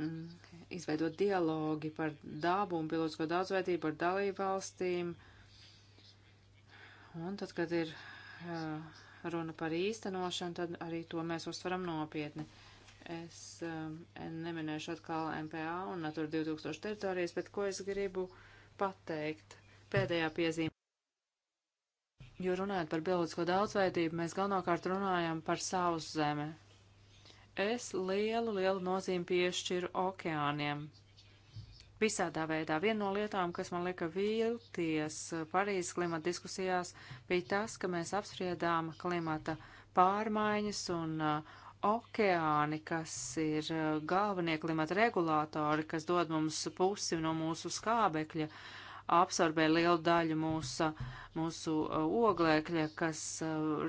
mm, izveidot dialogi par dabu un pilotsko daudzveidību ar dalību valstīm. Un tad, kad ir uh, runa par īstenošanu, tad arī to mēs uztveram nopietni. Es um, neminēšu atkal MPA un Natura 2000 teritorijas, bet ko es gribu pateikt pēdējā piezīme. Jo runājot par bioloģisko daudzveidību, mēs galvenokārt runājam par savus zeme. Es lielu, lielu nozīmi piešķiru okeāniem, visādā veidā. Viena no lietām, kas man lika vilties uh, Parīzes klimata diskusijās, bija tas, ka mēs apspriedām klimata pārmaiņas un uh, okeāni, kas ir uh, galvenie klimata regulātori, kas dod mums pusi no mūsu skābekļa, absorbē lielu daļu mūsu, mūsu uh, oglekļa, kas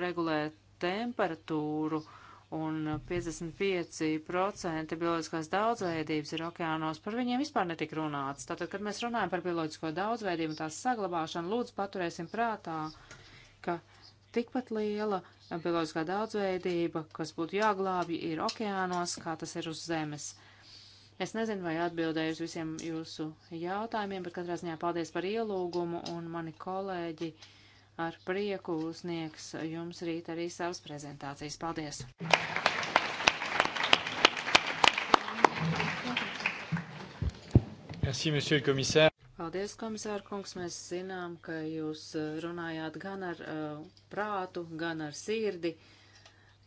regulē temperatūru. Uh, un 55% bioloģiskās daudzveidības ir okeānos, par viņiem vispār netika runāts. Tātad, kad mēs runājam par bioloģisko daudzveidību un tās saglabāšanu, lūdzu paturēsim prātā, ka tikpat liela bioloģiskā daudzveidība, kas būtu jāglābj, ir okeānos, kā tas ir uz zemes. Es nezinu, vai atbildēju uz visiem jūsu jautājumiem, bet katrā ziņā paldies par ielūgumu un mani kolēģi. Uh, ar prieku sniegs jums rīt arī savas prezentācijas. Paldies! Merci, monsieur le commissaire. Paldies, komisāra kungs. Mēs zinām, ka jūs uh, runājāt gan ar uh, prātu, gan ar sirdi.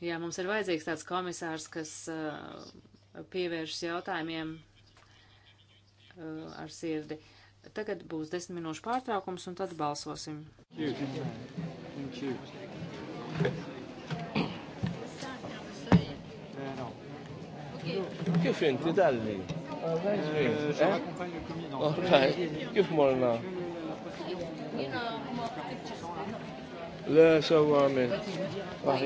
Jā, mums ir vajadzīgs tāds komisārs, kas uh, pievēršas jautājumiem uh, ar sirdi. Uh, Tagad būs desmit minūšu pārtraukums un tad balsosim. Thank you. Thank you. كيف انت دالني؟ كيف مرنا؟ لا سوى من راح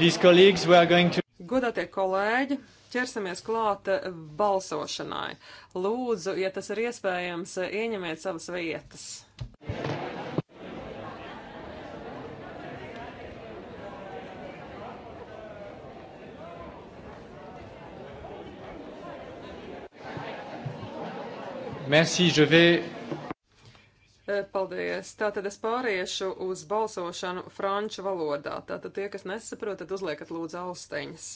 To... Godātie kolēģi, ķersimies klāt balsošanai. Lūdzu, ja tas ir iespējams, ieņemiet savas vietas. Merci, je vais Paldies! Tātad es pāriešu uz balsošanu franču valodā. Tātad tie, kas nesaprotat, uzliekat lūdzu austeņas.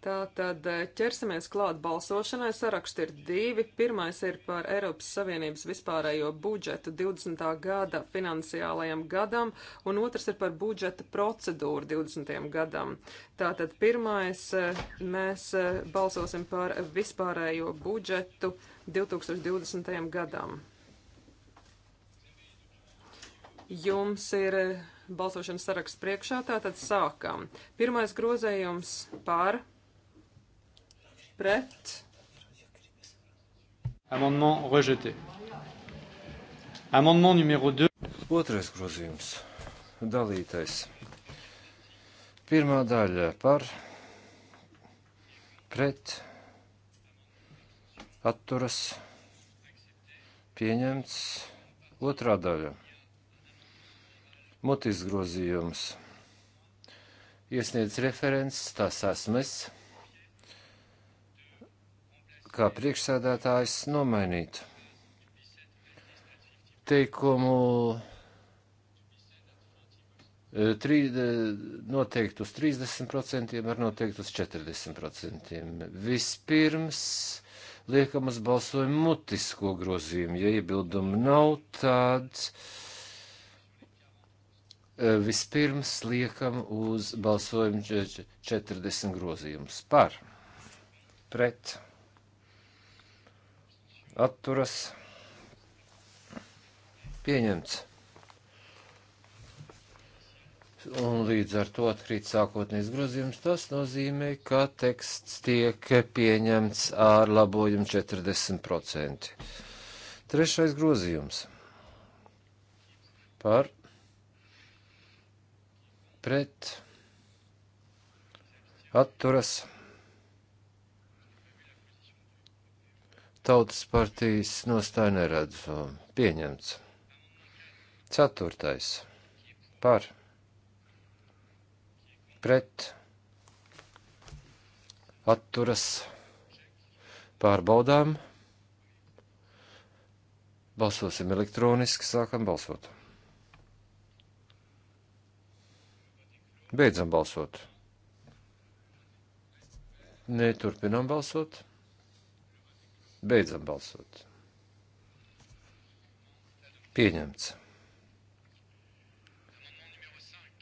Tātad eh, ķersimies klāt balsošanai. Saraksti ir divi. Pirmais ir par Eiropas Savienības vispārējo budžetu 20. gada finansiālajam gadam, un otrs ir par budžeta procedūru 20. gadam. Tātad pirmais eh, mēs eh, balsosim par vispārējo budžetu 20. 2020. gadam. Jums ir balsošanas saraksts priekšā, tātad sākam. Pirmais grozējums par, pret. Amendement rejeté. Amendement numéro 2. Otrais grozījums. Dalītais. Pirmā daļa par, pret atturas pieņemts otrā daļa. Mutis grozījums iesniedz referents, tas esmu es, kā priekšsēdētājs nomainīt teikumu e, trī, e, noteikti uz 30% ar noteikti uz 40%. Vispirms liekam uz balsojumu mutisko grozījumu. Ja iebildumu nav, tad e, vispirms liekam uz balsojumu 40 grozījumus par, pret, atturas, pieņemts un līdz ar to atkrīt sākotnējs grozījums. Tas nozīmē, ka teksts tiek pieņemts ar labojumu 40%. Trešais grozījums par pret atturas tautas partijas nostāju neredzu. Pieņemts. Ceturtais par pret pret atturas pārbaudām. Balsosim elektroniski, sākam balsot. Beidzam balsot. Nē, turpinām balsot. Beidzam balsot. Pieņemts.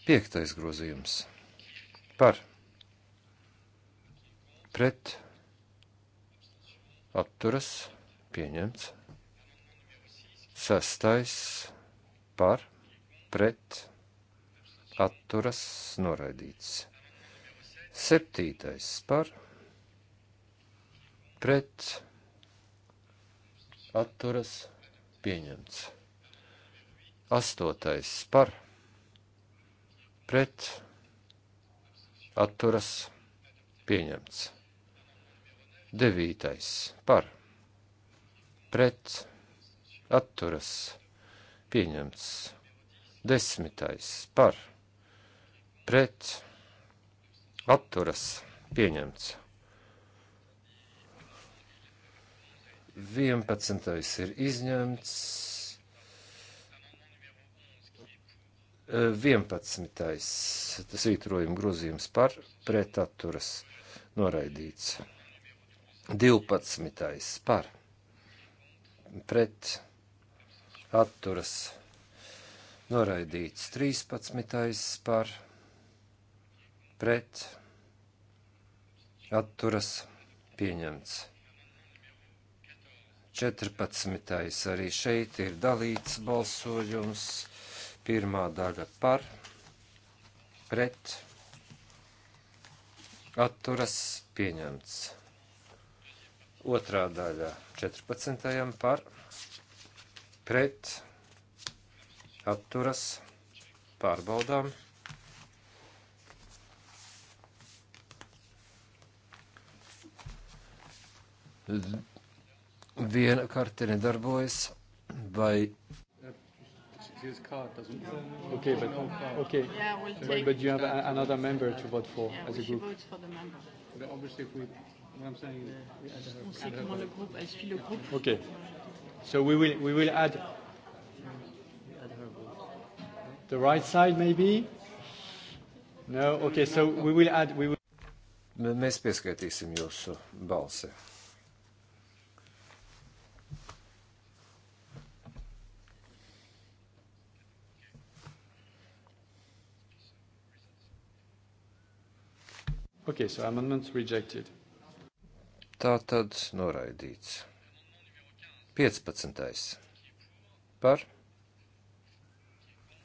Piektais grozījums par pret atturas pieņemts. Sestais par pret atturas noraidīts. Septītais par pret atturas pieņemts. Astotais par pret atturas atturas pieņemts. Devītais par pret atturas pieņemts. Desmitais par pret atturas pieņemts. 11. ir izņemts, 11. svītrojuma grozījums par pretaturas noraidīts. 12. par pretaturas noraidīts. 13. par pretaturas pieņemts. 14. arī šeit ir dalīts balsojums Pirmā daļa par, pret, atturas pieņemts. Otrā daļa 14. par, pret, atturas pārbaudām. Viena karte nedarbojas, vai This card doesn't work. Okay, but okay. Yeah, we'll take but, but you have a, another member to vote for yeah, as a group. Vote for the member. But obviously, if we, what I'm saying, we add her, On sait comment le groupe, elle suit le groupe. Okay. So we will we will add the right side maybe. No. Okay. So we will add. We will. Mēs pieskaitīsim jūsu balsi. Okay, so amendments rejected. Tā tad noraidīts. 15. Par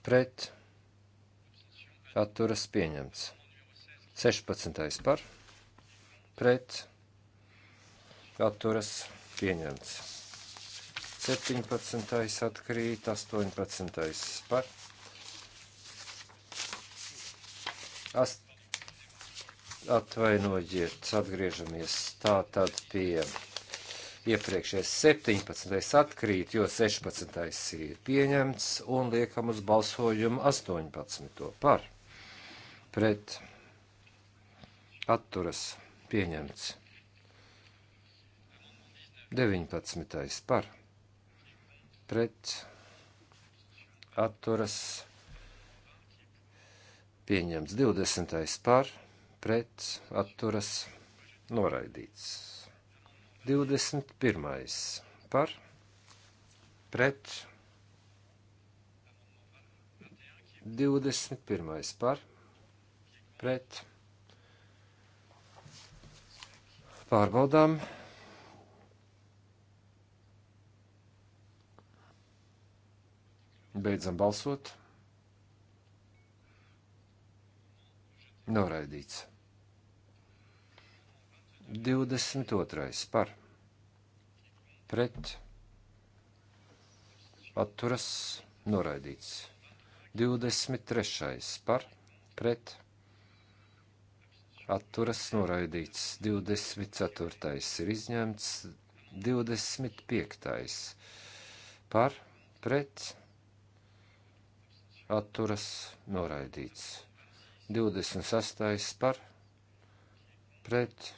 pret atturas pieņemts. 16. par pret atturas pieņemts. 17. atkrīt, 18. par 8. Atvainojiet, atgriežamies tātad pie iepriekšējais 17. atkrīt, jo 16. ir pieņemts un liekam uz balsojumu 18. par. Pret atturas pieņemts. 19. par. Pret atturas pieņemts. 20. par pret atturas noraidīts. 21. par pret 21. par pret pārbaudām. Beidzam balsot. Noraidīts. 22. par pret atturas noraidīts. 23. par pret atturas noraidīts. 24. ir izņemts. 25. par pret atturas noraidīts. 26. par pret atturas noraidīts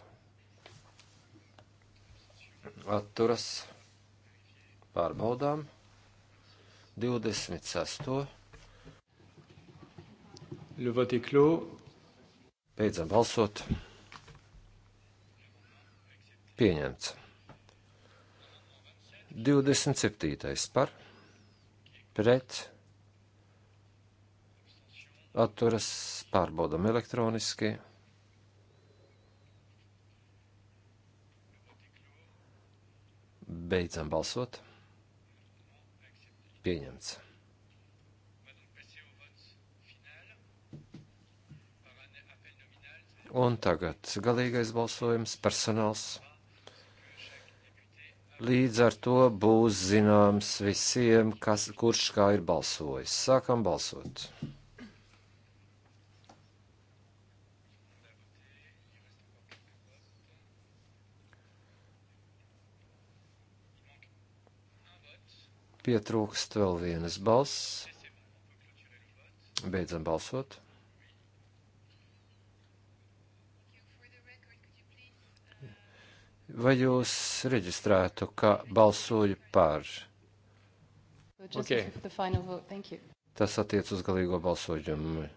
atturas pārbaudām 26. Ļuvatīkļu. Beidzam balsot. Pieņemts. 27. par pret atturas pārbaudam elektroniski. 26. Beidzam balsot. Pieņemts. Un tagad galīgais balsojums - personāls. Līdz ar to būs zināms visiem, kas, kurš kā ir balsojis. Sākam balsot! Pietrūkst vēl vienas balss. Beidzam balsot. Vai jūs reģistrētu, ka balsoju par? Okay. Tas attiec uz galīgo balsojumu.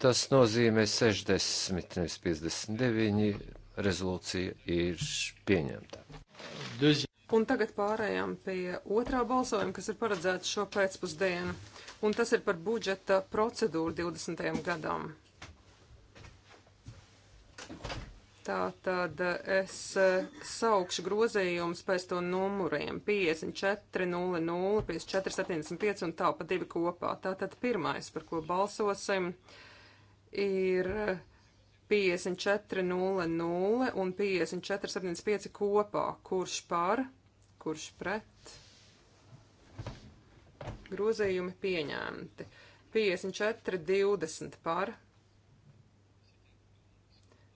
Tas nozīmē 60, nevis 59. Rezolūcija ir pieņemta. Un tagad pārējām pie otrā balsojuma, kas ir paredzēts šo pēcpusdienu, un tas ir par budžeta procedūru 20. gadam. Tā tad es eh, saukšu grozījumus pēc to numuriem 54, 00, 54, 75 un tā pa divi kopā. Tātad pirmais, par ko balsosim, ir 54.00 un 54.75 kopā. Kurš par, kurš pret? Grozījumi pieņemti. 54.20 par.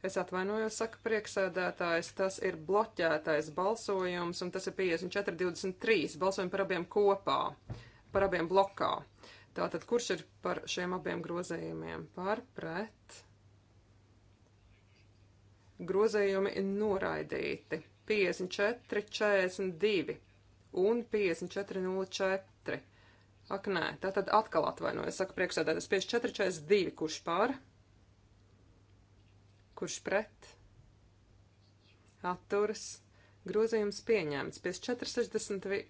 Es atvainojos, saka prieksēdētājs, tas ir bloķētais balsojums, un tas ir 54.23. Balsojumi par abiem kopā, par abiem blokā. Tātad, kurš ir par šiem abiem grozījumiem? Par, pret? grozējumi noraidīti 54, 42 un 54, 04. Ak, nē, tā tad atkal atvainojas. Saka, priekšsēdētājs 54, 42, kurš pār, kurš pret, atturas, grozījums pieņemts 54, 61.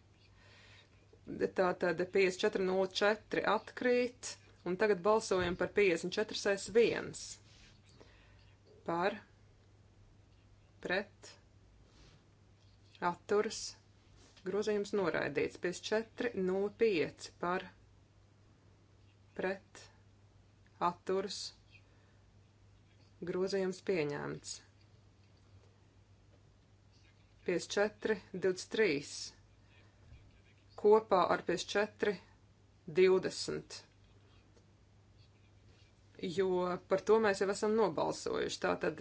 Tātad 5404 atkrīt, un tagad balsojam par 5461. Par pret, atturas, grozījums noraidīts. 5405 par, pret, atturas, grozījums pieņemts. 5423 kopā ar 5420 jo par to mēs jau esam nobalsojuši. Tātad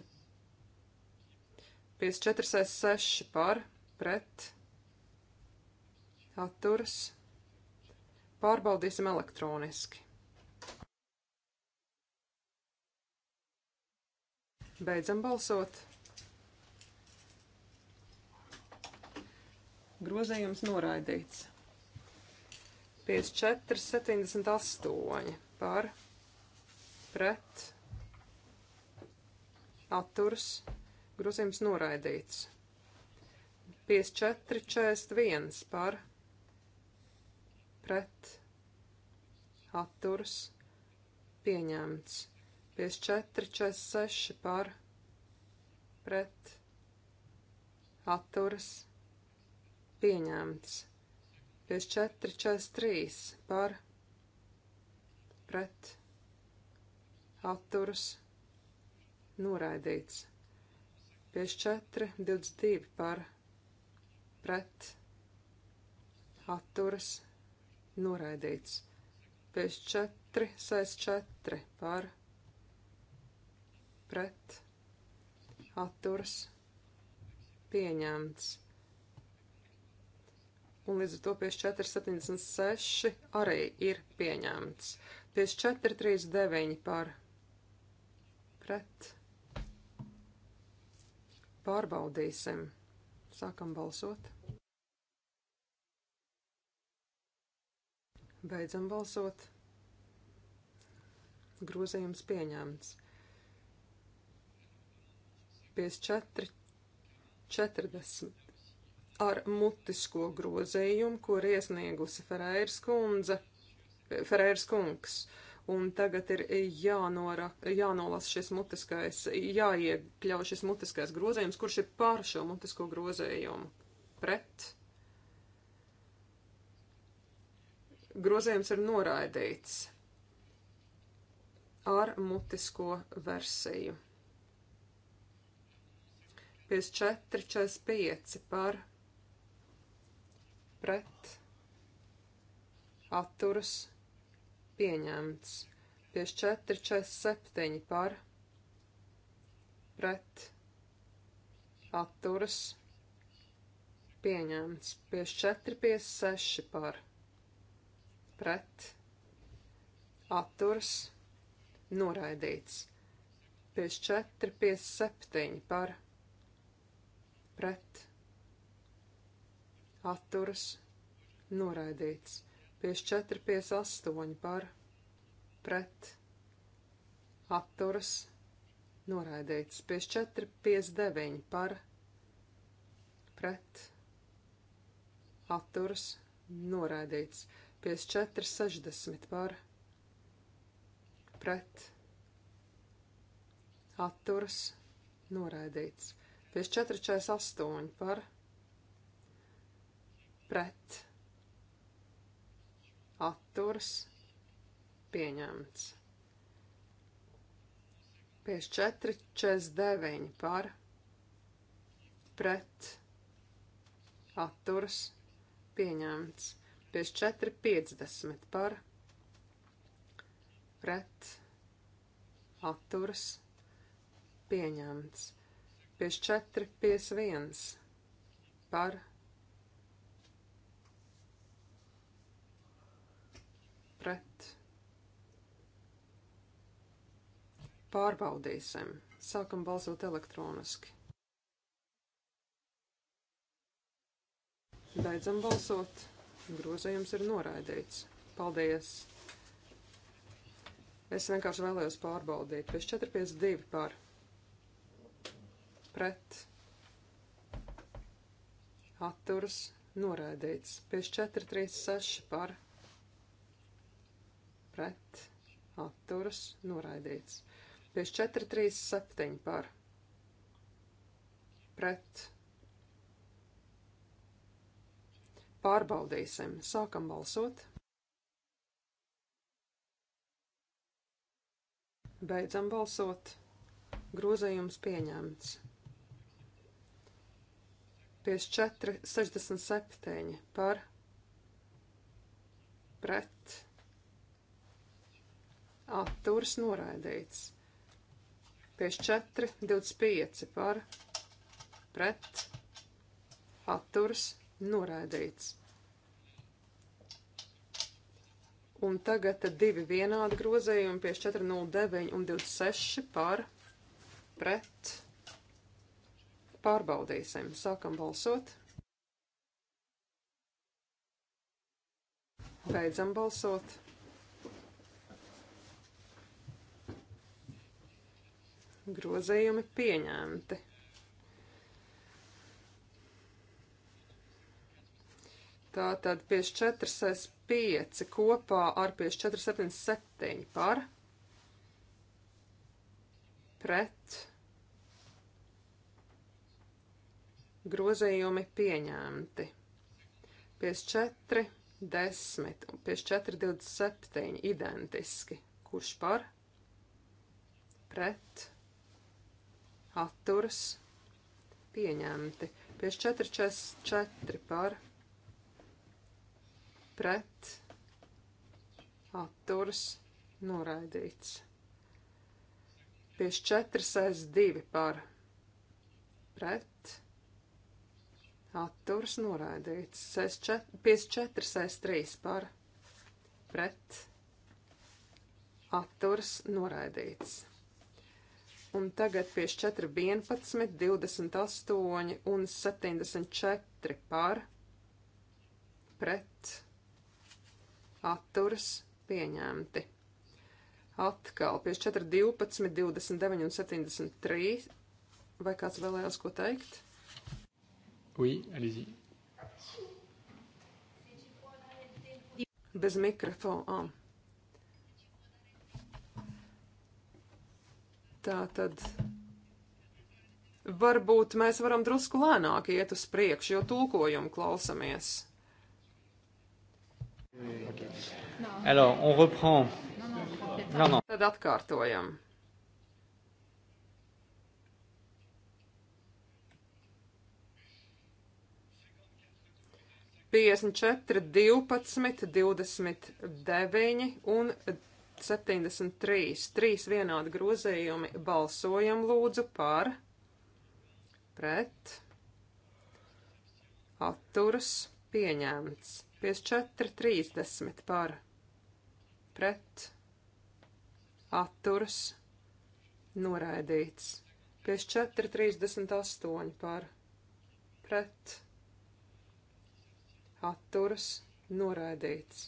54,6 par pret atturas. Pārbaudīsim elektroniski. Beidzam balsot. Grozējums noraidīts. 54,78 par pret atturas. Grozījums noraidīts. 54, 41 par pret atturs pieņemts. 54, 46 par pret atturs pieņemts. 54, 43 par pret atturs noraidīts. 54, 22 par pret atturas noraidīts. 54, 64 par pret atturas pieņemts. Un līdz ar to 54, 76 arī ir pieņemts. 54, 39 par pret atturas Pārbaudīsim. Sākam balsot. Beidzam balsot. Grozījums pieņemts. 54, 40 ar mutisko grozījumu, kur iesniegusi Ferēras kundze, Ferēras kungs. Uh, un tagad ir jānora, jānolas šis mutiskais, jāiekļauj šis mutiskais grozējums, kurš ir pār šo mutisko grozējumu. Pret. Grozējums ir noraidīts ar mutisko versiju. 54, 45 par pret atturas pieņemts. 54, 47 par pret atturas pieņemts. 54, 56 par pret atturas noraidīts. 54, 57 par pret atturas noraidīts. 54, 58 par pret atturas noraidīts. 54, 59 par pret atturas noraidīts. 54, 60 par pret atturas noraidīts. 54, 48 par pret atturas noraidīts atturs pieņemts. 54, 49 par pret atturs pieņemts. 54, 50 par pret atturs pieņemts. 54, 51 par pret pret. Pārbaudīsim. Sākam balsot elektroniski. Beidzam balsot. Grozījums ir noraidīts. Paldies! Es vienkārši vēlējos pārbaudīt. Pēc 4,52 par pret atturas noraidīts. Pēc 4,36 par pret pret, atturas, noraidīts. 54, 3, 7 par, pret. Pārbaudīsim, sākam balsot. Beidzam balsot. Grozījums pieņemts. 54, 67 par, pret atturas noraidīts. 54, 25 par pret atturas noraidīts. Un tagad divi vienādi grozējumi, 54, 09 un 26 par pret. Pārbaudīsim, sākam balsot. Beidzam balsot. grozējumi pieņemti. Tātad 5465 kopā ar 5477 par pret grozējumi pieņemti. 54, 10 un 54, 27 identiski. Kurš par? Pret atturas pieņemti. 5444 par pret atturas noraidīts. 5462 par pret atturas noraidīts. 5463 par pret atturas noraidīts un tagad pie 4, 11, 28 un 74 par, pret, atturas, pieņemti. Atkal pie 4, 12, 29 un 73. Vai kāds vēlējās ko teikt? Oui, allez-y. Bez mikrofona. Ah. Tā tad varbūt mēs varam drusku lēnāk iet uz priekšu, jo tulkojumu klausamies. Okay. Alors, on reprend. Non, non. Tad atkārtojam. Piecdesmit četri, divpadsmit, divdesmit deviņi un 73. Trīs vienādi grozījumi. Balsojam lūdzu par, pret, atturas, pieņemts. 54, 30 par, pret, atturas, noraidīts. 54, 38 par, pret, atturas, noraidīts.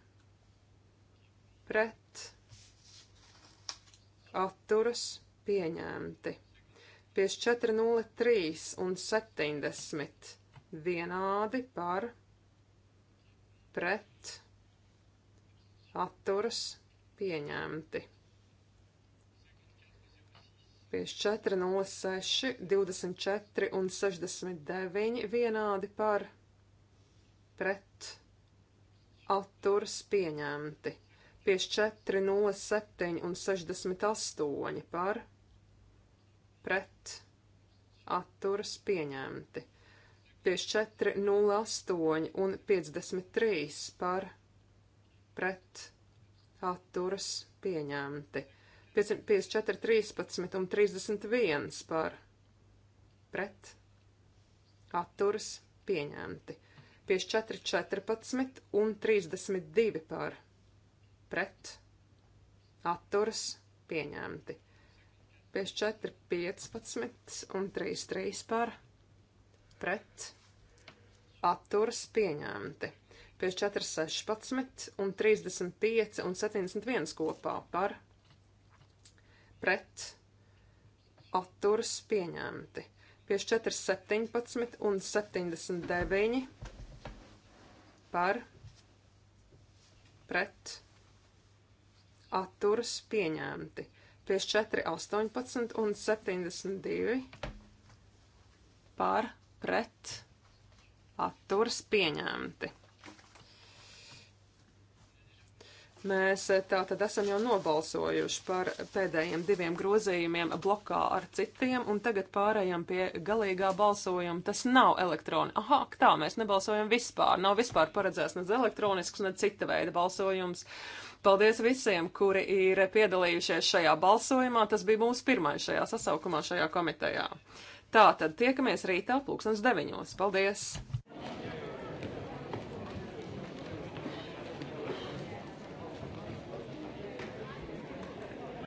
pret, atturas, pieņemti. 5403 un 70 vienādi par, pret, atturas, pieņemti. 5406, 24 un 69 vienādi par pret atturs pieņemti. 5407 un 68 par pret atturas pieņemti. 5408 un 53 par pret atturas pieņemti. 5413 un 31 par pret atturas pieņemti. 5414 un 32 par pret pret, atturas, pieņemti. 54, 15 un 3, 3 par, pret, atturas, pieņemti. 54, 16 un 35 un 71 kopā par, pret, atturas, pieņemti. 54, 17 un 79 par, pret, atturas, pieņemti atturas pieņemti. 54, 18 un 72 par pret atturas pieņemti. Mēs eh, tā tad esam jau nobalsojuši par pēdējiem diviem grozījumiem blokā ar citiem, un tagad pārējām pie galīgā balsojuma. Tas nav elektroni. Aha, tā, mēs nebalsojam vispār. Nav vispār paredzēts nec elektronisks, nec cita veida balsojums. Uh, Paldies visiem, kuri ir piedalījušies šajā balsojumā. Tas bija mūsu pirmais šajā sasaukumā, šajā komitejā. Tā tad tiekamies rītā pulkstens deviņos. Paldies!